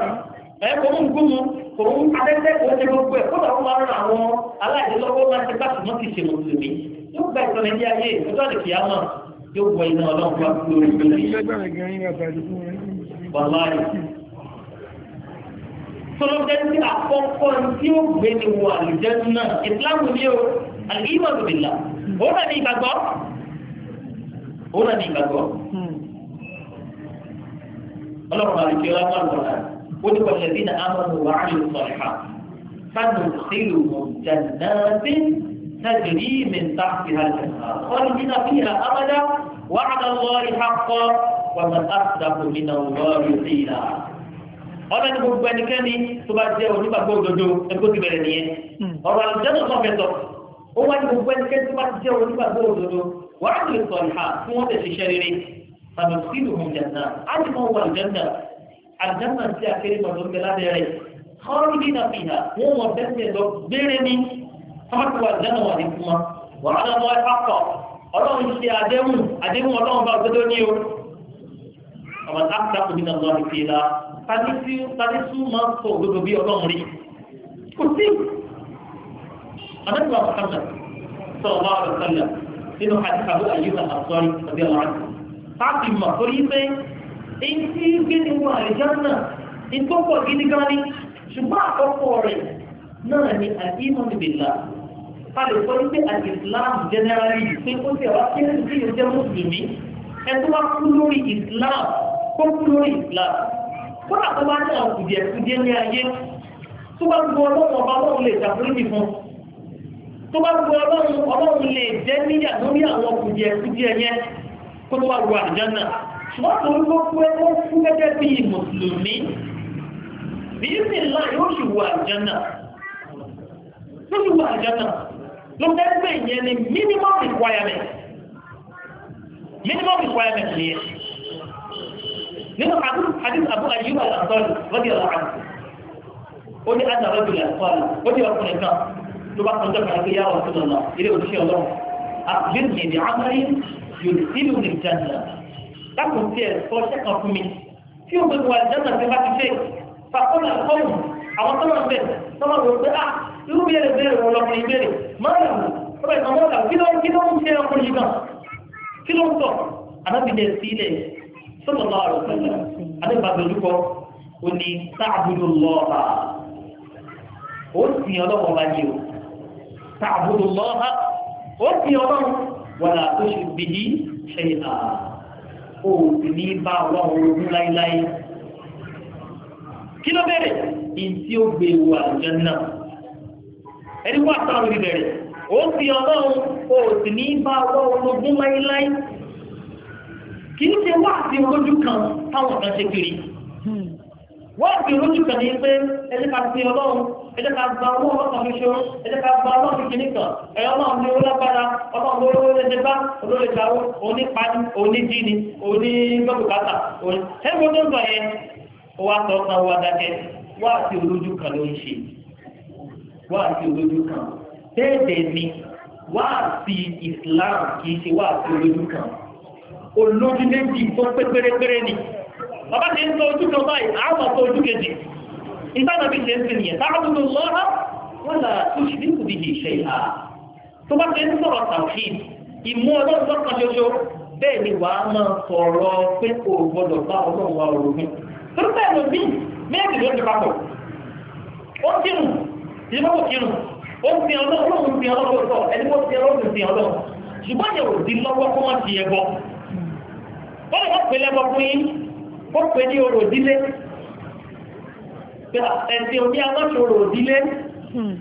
ẹ kò mú gbúmu kò ń adẹ́tẹ́ kò ń tẹ gbogbo ẹ̀ kó lọ́wọ́ máa ń ra àwọn aláìlélọ́wọ́ máa ń tibá ṣùgbọ́n kì ṣe mùsùlùmí wàláyé sọlọ́dẹ́ tí àkọ́kọ́ tí ó gbé ni wọ àlùjẹ́ náà ìsìláàmù ni o àlùyíwọ̀ òbílà ó nà ní ìgbàgbọ́ ó nà ní ìgbàgbọ́ ọlọ́run àlùjẹ́ ọlọ́run àlùjẹ́ ó ní wọ́n lẹ́bí na amọ̀nù wà á lè sọ̀rọ̀ ha sanu sílù jẹ̀nàbí تجري من تحتها الأنهار خالدين فيها أبدا وعد الله حقا wàmà àtàkùn nínú ọlọ́run sí ìlà. ọ̀rọ̀ ní gbogbo ẹnikẹ́ni tó bá jẹ́ onígbàgbọ́ òdodo ẹgbẹ́ ti bẹ̀rẹ̀ nìyẹn. Hmm. ọ̀rọ̀ àlùjẹ́ tó sọ fẹ́tọ̀ ó wá ní gbogbo ẹnikẹ́ni tó bá jẹ́ onígbàgbọ́ òdodo wàá lè sọ ìhà wọ́n tẹ̀ ṣiṣẹ́ rere àmì sílù ọlọ́run ṣe àdéhùn àdéhùn ọlọ́run bá gbẹdọ́ ní o ọ̀bọ̀n áfíríkà kò ní ọ̀dọ́ àti ìlà tàbí sú máa ń sọ òdodo bí ọlọ́run rí kò sí anábìwá muhammad sọ̀rọ̀ bá ọ̀rọ̀ sọ̀lá nínú àdìsàbò àyíká àtọ́rí ọ̀dẹ́ ọ̀rọ̀ àti táàbì mọ̀ torí pé èyí tí gbéni wọ àlìjáná ìtọ́pọ̀ gidi gan ni ṣùgbọ́n àkọ́kọ́ rẹ̀ náà ni àdìmọ́ níbìlá kalẹ̀ sọ wípé àti islam generally pé ó ti àwọn akéwì tí yóò jẹ́ mùsùlùmí ẹ tó wá kú lórí islam kó dúró Islam kódà tó bá ní àwọn kùdìẹ̀kùdìẹ̀ ní ayé tó bá gbọ́ ọlọ́run ọba ọlọ́run lè ṣàforíjì fún tó bá gbọ́ ọlọ́run ọlọ́run lè jẹ́ níyà lórí àwọn kùdìẹ̀kùdìẹ̀ yẹn kó tó wà wọ àjánà ṣùgbọ́n tó ń gbọ́ pé ó kú gẹ́gẹ́ bí mùsùlùmí bíi ńlá yóò sì wọ àjánà ló sì wọ àjánà ló fẹ́ gbé ìyẹn ní minimum requirement minimum requirement nìyẹn nínú hadith abu ayyub al-ansari lọ́dí ọ̀rọ̀ àti ó ní àti àrọ́bì al-ansari ó ní ọkùnrin kan tó bá kọjá kan pé yá ọ̀tún lọ́nà ilé òṣìṣẹ́ ọlọ́run àbílẹ̀ ní ìdí amáyé yòlù sílù ní ìjànà lákùn tí ẹ̀ sọ ṣẹ́ kan fún mi tí ó gbogbo àjẹ́nà tí bá ti ṣe fàkọ́lá kọ́mù àwọn tọ́lọ̀ ń bẹ̀ tọ́lọ̀ rò pé ah irú bí ẹ̀rẹ̀ bẹ̀rẹ̀ ọlọ́run ìbéèrè mọ́ọ̀lù ó bẹ̀ tán mọ́ọ̀lù kí ló ń ṣe ọkùnrin yìí gan sọ́dọ̀ bá rẹ̀ sọ́dọ̀ adébà dojúkọ ó ní sáàbùdó lọ́ọ̀bà ó sì ọlọ́wọ́ bá yìí o sáàbùdó lọ́ọ̀bà ó sì ọlọ́wọ́ wàlà tó ṣe bìí ṣe à ó sì ní bá ọlọ́wọ́ ogun láíláí kí ló bẹ̀rẹ̀ ìyí tí ó gbé wọ àlùjánnà ẹni wà sáà lórí ó sì ọlọ́wọ́ ó sì ní bá ọlọ́wọ́ ogun láíláí kì í ṣe wáàbí olójú kan táwọn kan ṣe kiri wáàbí olójú kan ní pé ẹjẹ́ ká fi ọlọ́run ẹjẹ́ ká gba owó ọlọ́kan ṣoṣo ẹjẹ́ ká gba ọlọ́run kìíní kan ẹ̀yọ́ ọlọ́run ní olágbára ọlọ́run ló lówó lẹ́jẹ́ bá olórí ìgbàwó onípani onídìíní onígbọ́gbọ́gbàtà ẹgbẹ́ tó ń bọ̀ yẹn ó wá sọ kan wá dákẹ́ wáàbí olójú kan ló ń ṣe wáàbí olójú kan bẹ́ẹ̀ dẹ̀ ni wáàbí Islam kì í ṣe wáàbí olójú kan olójú méjì tó pé pérépéré ni bàbá ṣe ń sọ ojú kan báyìí àwọn sọ ojú kejì ìtànà bí ṣe ń sin ìyẹn táwọn tó lọ rá wọn là tó ṣe ní kùbí lè ṣe ìhà tó bá ṣe ń sọ̀rọ̀ tàwíìn ìmú ọlọ́run lọ́kàn ṣoṣo bẹ́ẹ̀ ni wàá máa sọ̀rọ̀ pé kò gbọdọ̀ bá ọlọ́run wa orogún tó bẹ́ẹ̀ ló bí méjì ló ti papọ̀ ó kírun ìdíbò kírun ó sin ọlọ́run ó sin ọlọ́run sọ ẹni wọ́n lè pè lẹ́bọ̀ fún yín ó pè ní orò dílé ẹ̀sìn òní aláṣọ orò dílé hmm.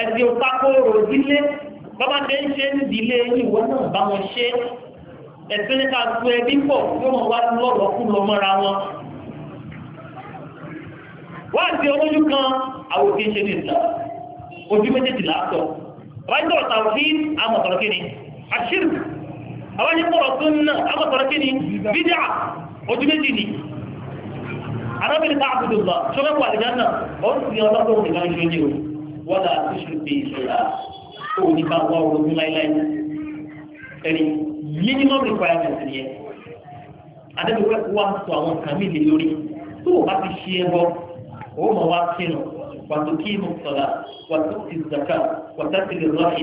ẹ̀sìn òpapọ̀ orò dílé bàbá tẹ́ ń ṣe ìdílé ìwọ náà bá wọn ṣe ẹ̀sìn ní ká tu ẹbí pọ̀ kí wọ́n wá lọ́rọ̀ kú lọ mọ́ra wọn. wọ́n àti olójú kan àwọn òkè ṣe ní ìlà ojú méjèèjì láàtọ̀ wáyé tọ̀tà òfin àmọ̀tọ̀rọ̀ kí ni àṣírí àwọn yìí sọ̀rọ̀ sunna àwọn sọ̀rọ̀ kí ni bídà ojú méjì ni arábìnrin tá àbùdù lọ ṣọ́gbẹ́ wà lẹ́jà náà ó ń sin ọlọ́dún òní láti ṣe ní o wọ́n dà tó ṣe bí ìṣòra ó ní bá wà orogún láíláí ẹni minimum requirement ni ẹ adébíwẹ́ wá sọ àwọn kan lè lórí tó o bá ti ṣe ẹ bọ́ o mọ̀ wá sínú wàtò kí mo sọ̀rọ̀ wàtò ti zaka wàtò ti lè rọ́ọ̀ṣì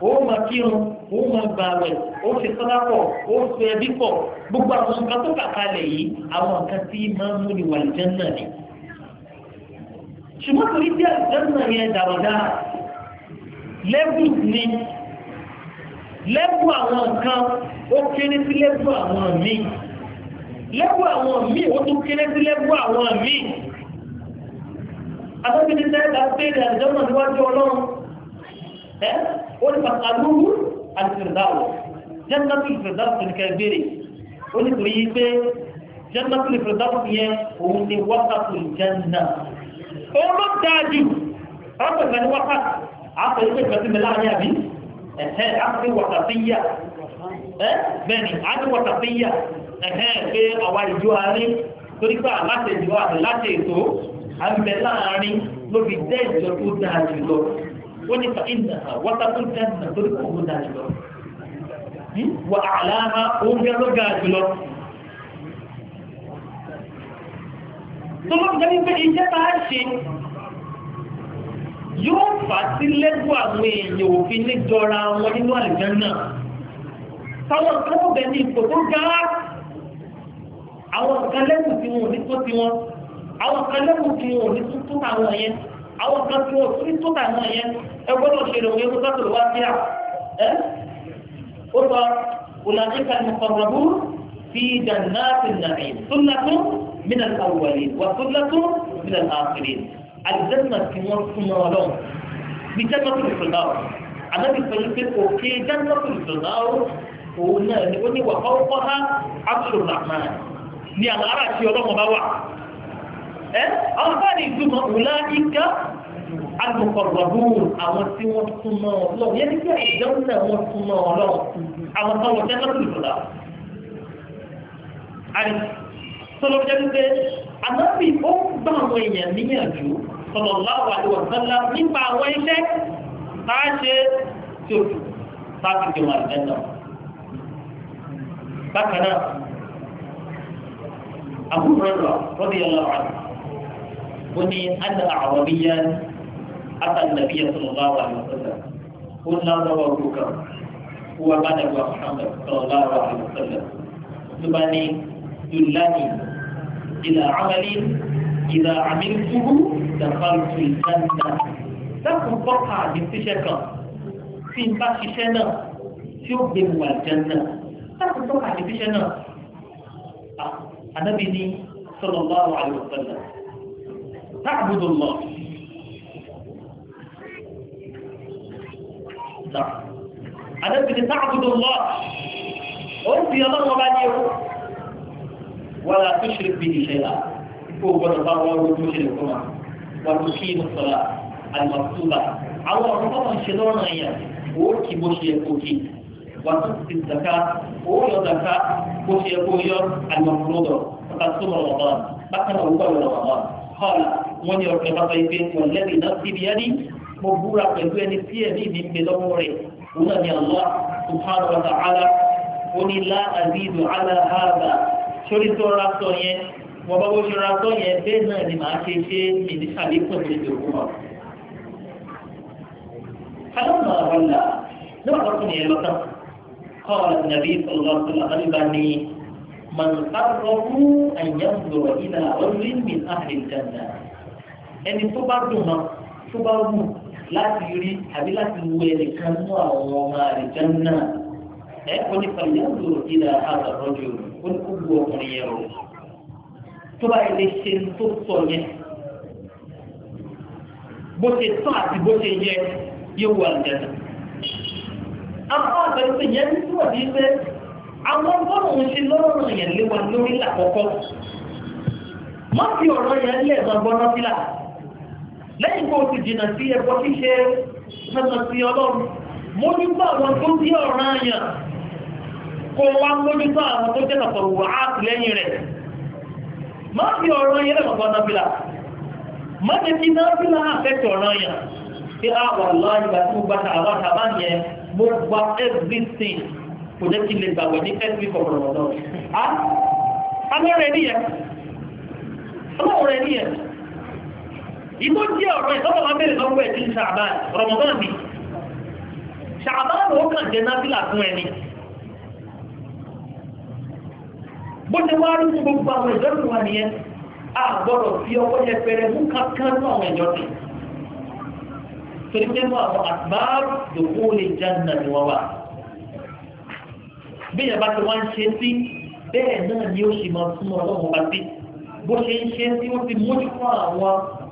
ó máa kírun ó máa gbààwẹ̀ ó ṣe sọ́lá pọ̀ ó ṣe ẹbí pọ̀ gbogbo àwọn nǹkan tó kàkà lẹ̀ yìí àwọn nǹkan tí máa ń múni wà lìjẹ́ náà ni. ṣùgbọ́n torí bí àlìjẹ́ náà yẹn dàrọ̀dà lẹ́bù ni lẹ́bù àwọn nǹkan ó kéré sí lẹ́bù àwọn míì lẹ́bù àwọn míì ó tún kéré sí lẹ́bù àwọn míì. àtọ́jú ní sẹ́yìn láti bẹ́ẹ̀rẹ̀ àlìjẹ́ níwájú ọlọ́run ó ní pàtàkùrú àtìrìdáwò jẹ́nàtì ìfìrìdáwò tó ní kẹ́ bèèrè ó ní torí pé jẹ́nàtì ìfìrìdáwò yẹn òun ni wákàtí jẹ́nà ó ló dájú ọ̀pẹ̀fẹ̀ ní wákàtí àpẹẹrẹ pé pẹ̀sí mi láàrin àbí ẹ̀hẹ́ àpẹẹrẹ wàkàtíyà bẹ́ẹ̀ni a ní wàkàtíyà ẹ̀hẹ́ pé àwa ìjọ àárín torí pé àláṣẹ ìjọ àti láṣẹ ètò àmì láàrin ló fi jẹ́ wọ́n ní fàínàhà wọ́tàkùn jẹ́nà torí kò ó dáa jùlọ wà àlàáha oúnjẹ ló ga jùlọ tó lọ́pọ̀ jẹ́ wípé iṣẹ́ tá a ṣe yóò fà sí lẹ́gbọ́ àwọn èèyàn òfin ní jọra wọn nínú àlìjẹ́ náà táwọn tó ní ipò tó ga àwọn kan lẹ́kùn tí wọn ò ní tó ti wọn àwọn kan lẹ́kùn tí wọn ò ní tó tó àwọn yẹn àwọn kan tí wọ́n tún tó tàn náà yẹn ẹ gbọ́dọ̀ ṣe lòun yẹn tó sá tòló wá sí à ẹ́ ó sọ òlàjì kan ní kọ̀ọ̀rọ̀bù fi dànù àti nàì sunnatu min al-awwalin wa sunnatu min al-akhirin àdìsẹ́nà tí wọ́n súnmọ́ ọlọ́run bí jẹ́nà tó lùsùn náà àdábì pẹ̀lú pé òkè jẹ́nà tó lùsùn náà òun náà ní wà kọ́kọ́ ha abdulrahman ni àwọn bá ní ìtumọ̀ òlá ìka alùpàgbàbùn àwọn tí wọ́n túnmọ̀ ọlọ́run yẹn ní kí àìjọ́n náà wọ́n túnmọ̀ ọlọ́run àwọn tọwọ́ jẹ́ lọ́dún ìfọ̀dà. àì sọlọ jẹ́ pé ànábì ó gbà àwọn èèyàn níyànjú sọlọ láwà àdìwọ̀ sọlá nípa àwọn iṣẹ́ tá a ṣe tí o tù tá a fi dèwọ̀ náà. bákan náà àbúrò rẹ̀ rọ̀ rọ́bì yẹn lọ́wọ́ ó ní ádà àwọ̀bíyá átàlẹ́bíyá sallallahu alaihi wasallam ó ń lọ́wọ́ òkúkà ó wà bá dàgbà Muhammad sallallahu alaihi wasallam ló bá ní dùlání ìlà àmàlí ìlà àmì túbú dàkàlùtù ìlànà dákùn bọ́kà àti ṣiṣẹ́ kan tí n bá ṣiṣẹ́ náà tí ó gbé mu àjẹ́nà láti tọ́ka àdìbíṣẹ́ náà ànábì ní sallallahu alaihi wasallam تعبد الله صح نعم. أنت تعبد الله قلت يا الله وبعدين ولا تشرك به شيئا فوق الضرر وتشركهما وتقيم الصلاة المكتوبة أو ربما شلون هي يعني؟ وكي بوشي يكوكي وتؤتي الزكاة أول زكاة بوشي يكوكي المفروضة فقد صوم رمضان بكر أول رمضان قال wọ́n ní ọ̀pẹ̀ pápá ife ọ̀lẹ́bí náà sí ibi yẹ́dí mo búra pẹ̀lú ẹni tí ẹ̀mí mi ń bẹ lọ́wọ́ rẹ̀ òun náà ni Allah subhanahu wa ta'ala ó ní lá azidu ala hada sórí tó ra sọ yẹn wọ́n bá bó ṣe ra sọ yẹn bẹ́ẹ̀ náà ni màá ṣe ṣe mí ní sàlékún ní ìdòkú mọ́. kálọ́nà ọ̀la níwọ̀n tó kún yẹn lọ́tàn kọ́ọ̀lù nàbí sọ̀rọ̀ sọ̀rọ̀ من قرره أن ينظر إلى رجل من أهل الجنة ẹni tó bá dùn mọ́ tó bá wù láti rí àbí láti wo ẹnìkan mú àwọn ọmọ àrìján náà ẹ kò ní pàlẹ́ àbúrò ìlà àbàrọ́jù ó ní kó bu ọkùnrin yẹn o tó bá ilé ṣe tó sọ yẹn bó ṣe tán àti bó ṣe yẹ yóò wà lẹ́nu. Àwọn àgbẹ̀rẹ̀ ti yẹn ń túwọ̀ ní pé àwọn bọ́ọ̀lù ń ṣe lọ́rùn yẹn léwa lórí làkọ́kọ́. Má ọ̀rọ̀ yẹn lẹ̀ máa sílà lẹ́yìn kó ti jìnà sí ẹ̀kọ́ ṣíṣe sọ́nà sí ọlọ́run mo ní bá àwọn tó bí ọ̀ràn àyàn kó wá mójútó àwọn tó jẹ́ tọ̀tọ̀rọ̀ wà á sì lẹ́yìn rẹ̀ má fi ọ̀ràn yẹn lẹ́kọ̀ọ́ náfìlà má jẹ́ kí náfìlà àfẹ́tọ̀ ọ̀ràn yẹn tí a wà láàyè ìgbà tí mo gbà tà àwọn àtàbà yẹn mo gba everything kò jẹ́ kí ìbò jẹ́ ọ̀rọ̀ ìtọ́lọ̀ wọn bèèrè lọ́wọ́ ẹ̀ tí ń ṣàbáà rọmọdán ni ṣàbáà ló kàn jẹ́ náfìlà fún ẹni bó ṣe wá rí gbogbo àwọn ìjọ́sìn wa nìyẹn a gbọ́dọ̀ fi ọwọ́ yẹpẹrẹ mú kankan ní àwọn ìjọ́sìn torí pé mú bó ṣe ń ṣe sí ó ti mójú fún àwọn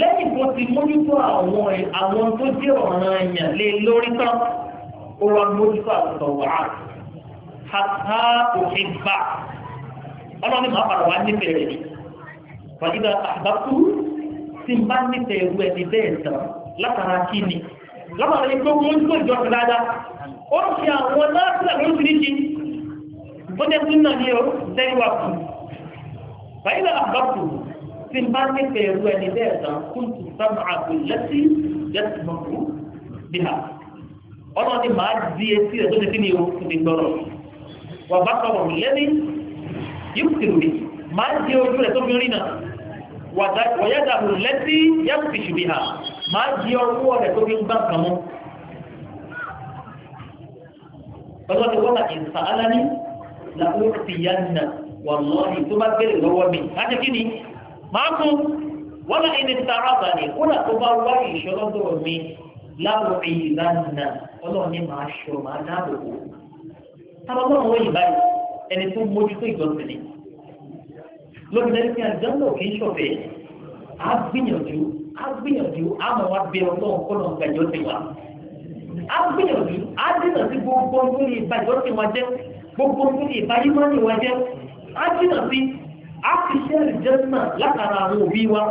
lẹ́yìn tó ti mójútó àwọn àwọn tó jẹ́ ọ̀ràn ẹ̀yàn lé lórí tán ó wá mójútó àtọ̀tọ̀ wàá hàtà òfin gbà ọlọ́ni máa padà wá ní bẹ̀rẹ̀ ni fàdídà àbákú tí n bá ní tẹ̀wú ẹni bẹ́ẹ̀ tán látara kí ni látara ní pé wọ́n tó jọ dáadáa ó ṣe àwọn láàrín àwọn oríṣiríṣi bó jẹ́ sínú náà ni ó dẹ́yìn wà fún fàdídà àbákú tí n bá nífẹ̀ẹ́ ẹ̀rú ẹni bẹ́ẹ̀ tán kún tù sábà àgbè lẹ́sí lẹ́sí mọ̀kú bí ha ọ̀nà ni màá di etí rẹ̀ tó ti fi ní ewu tó ti gbọ́rọ̀ wà bá sọ̀rọ̀ lẹ́ni yóò ti rù mí màá di ojú rẹ̀ tó fi rí náà wà yá dàbò lẹ́sí yóò bí ha màá di ọwọ́ rẹ̀ tó fi gbà kàn mọ́. ọ̀nà ni wọ́n ta ìsà alání làwọn ti yá nà wà lọ́ọ̀ni máa fún wọn náà ẹni tààrà àbàlẹ̀ kódà tó bá wá ìṣọlọ́dọ̀ mi láwọn èyí lánàá ọlọ́run ní máa ṣọ máa dáàbò bò táwọn ọlọ́run wọ̀nyí báyìí ẹni tó mójútó ìjọsìn ni lórí lẹ́yìn tí a dánwò kì í ṣọ̀fẹ́ á gbìyànjú á gbìyànjú á mọ̀ wá bí ọlọ́run kọ́nà gbàjọ́ ti wà á gbìyànjú á dínà sí gbogbo nítorí ìbàjọ́ ti wà jẹ́ gbogbo nítorí ìbáyé mọ́ni wà jẹ́ á dínà sí a ti ṣe àlìjẹ́nà látara àwọn òbí wa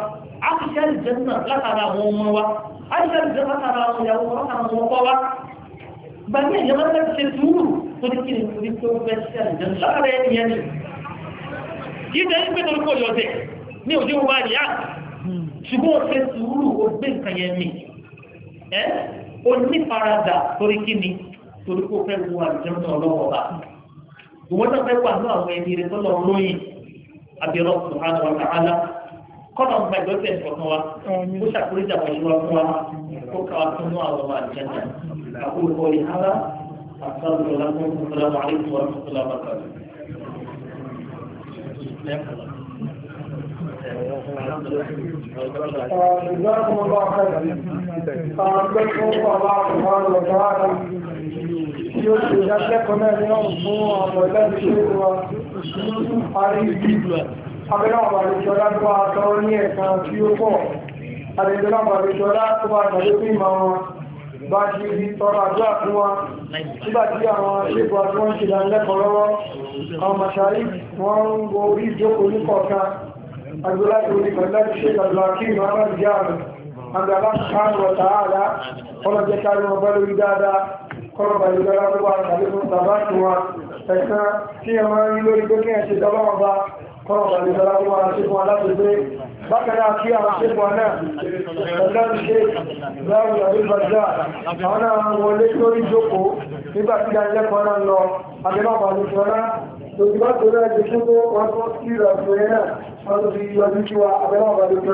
a ti ṣe àlìjẹ́nà látara àwọn ọmọ wa a ti ṣe àlìjẹ́nà látara àwọn ìyàwó wa látara àwọn ọkọ wa gbàgbé ìjọba fẹ́ ṣe sùúrù tó ní kí ni torí tó fẹ́ ṣe àlìjẹ́nà látara ẹni yẹn ni kì í ṣe ẹni pé torí kò yọ ọ̀tẹ̀ ní òjò wa ni á ṣùgbọ́n ṣe sùúrù ó gbé nǹkan yẹn mi ẹ́ ó ní faradà torí kí ni torí kó fẹ́ wo àlìjẹ́nà ọlọ́wọ́ bá ìwọ́n náà fẹ́ pàdé àwọn ẹni rẹ̀ tó lọ lóyìn abiyọ́lọ́ subhana wa ta'ala kọ́nà ọgbà ìgbésẹ̀ ìfọ̀kàn wa ó ṣàkóríjà pẹ̀lú wa fún wa kó káwa tó mú àwọn ọmọ àjẹjẹ àkókò kọ́ ìhárá àtàwọn ọlọ́pàá ń sọ̀rọ̀ àwọn àlejò wa fún ọlọ́pàá kan. جزاكم الله خيرا فأعطيكم الله سبحانه وتعالى يوسف يجعل لكم اليوم هو ولد شيخ parí ìdíjọ abẹ́rẹ́ àbàlẹ̀ṣọ́lá tó bá tọ́ ní ẹ̀kan tí ó pọ̀ àdẹ̀jọ́lá àbàlẹ̀ṣọ́lá tó bá tọ́lé fún ìmọ̀ wọn bá ṣe ibi tọrọ àjọ àfún wa nígbà tí àwọn ṣètò àti wọ́n ṣe ìdánilẹ́kọ̀ọ́ lọ́wọ́ àwọn màṣáyí wọ́n ń wo orí ìjókòó ní kọ̀ọ̀kan àjọlá ìròyìn pẹ̀lú láti ṣe ìtàjọ́ àkíyàn àwọn ìjà rẹ̀ àgbàlá ṣáàrù ọ̀tà ààrá ọlọ́jẹ́ kárí wọn bá lórí dáadáa kọ́rọ̀ bàjẹ́ lọ́wọ́ àtàlẹ́kùn tàbá tí ẹ̀sán tí ẹ máa ń rí lórí pé kí ẹ ṣe tọ́lọ́wọ́ bá kọ́rọ̀ pẹ̀lú tọ́lọ́wọ́ aṣẹ́kùn aláṣẹ́gbé bákanáà kí aṣẹ́kùn náà ẹ̀sán ṣe láàrùn àdébàjá àwọn àwọn wọlé lórí jókòó nígbà tí a lẹ́kọ̀ọ́ náà lọ àdébàbà nìkanná lòdìbá tó náà jẹ́ kí wọ́n tó kí ìrọ̀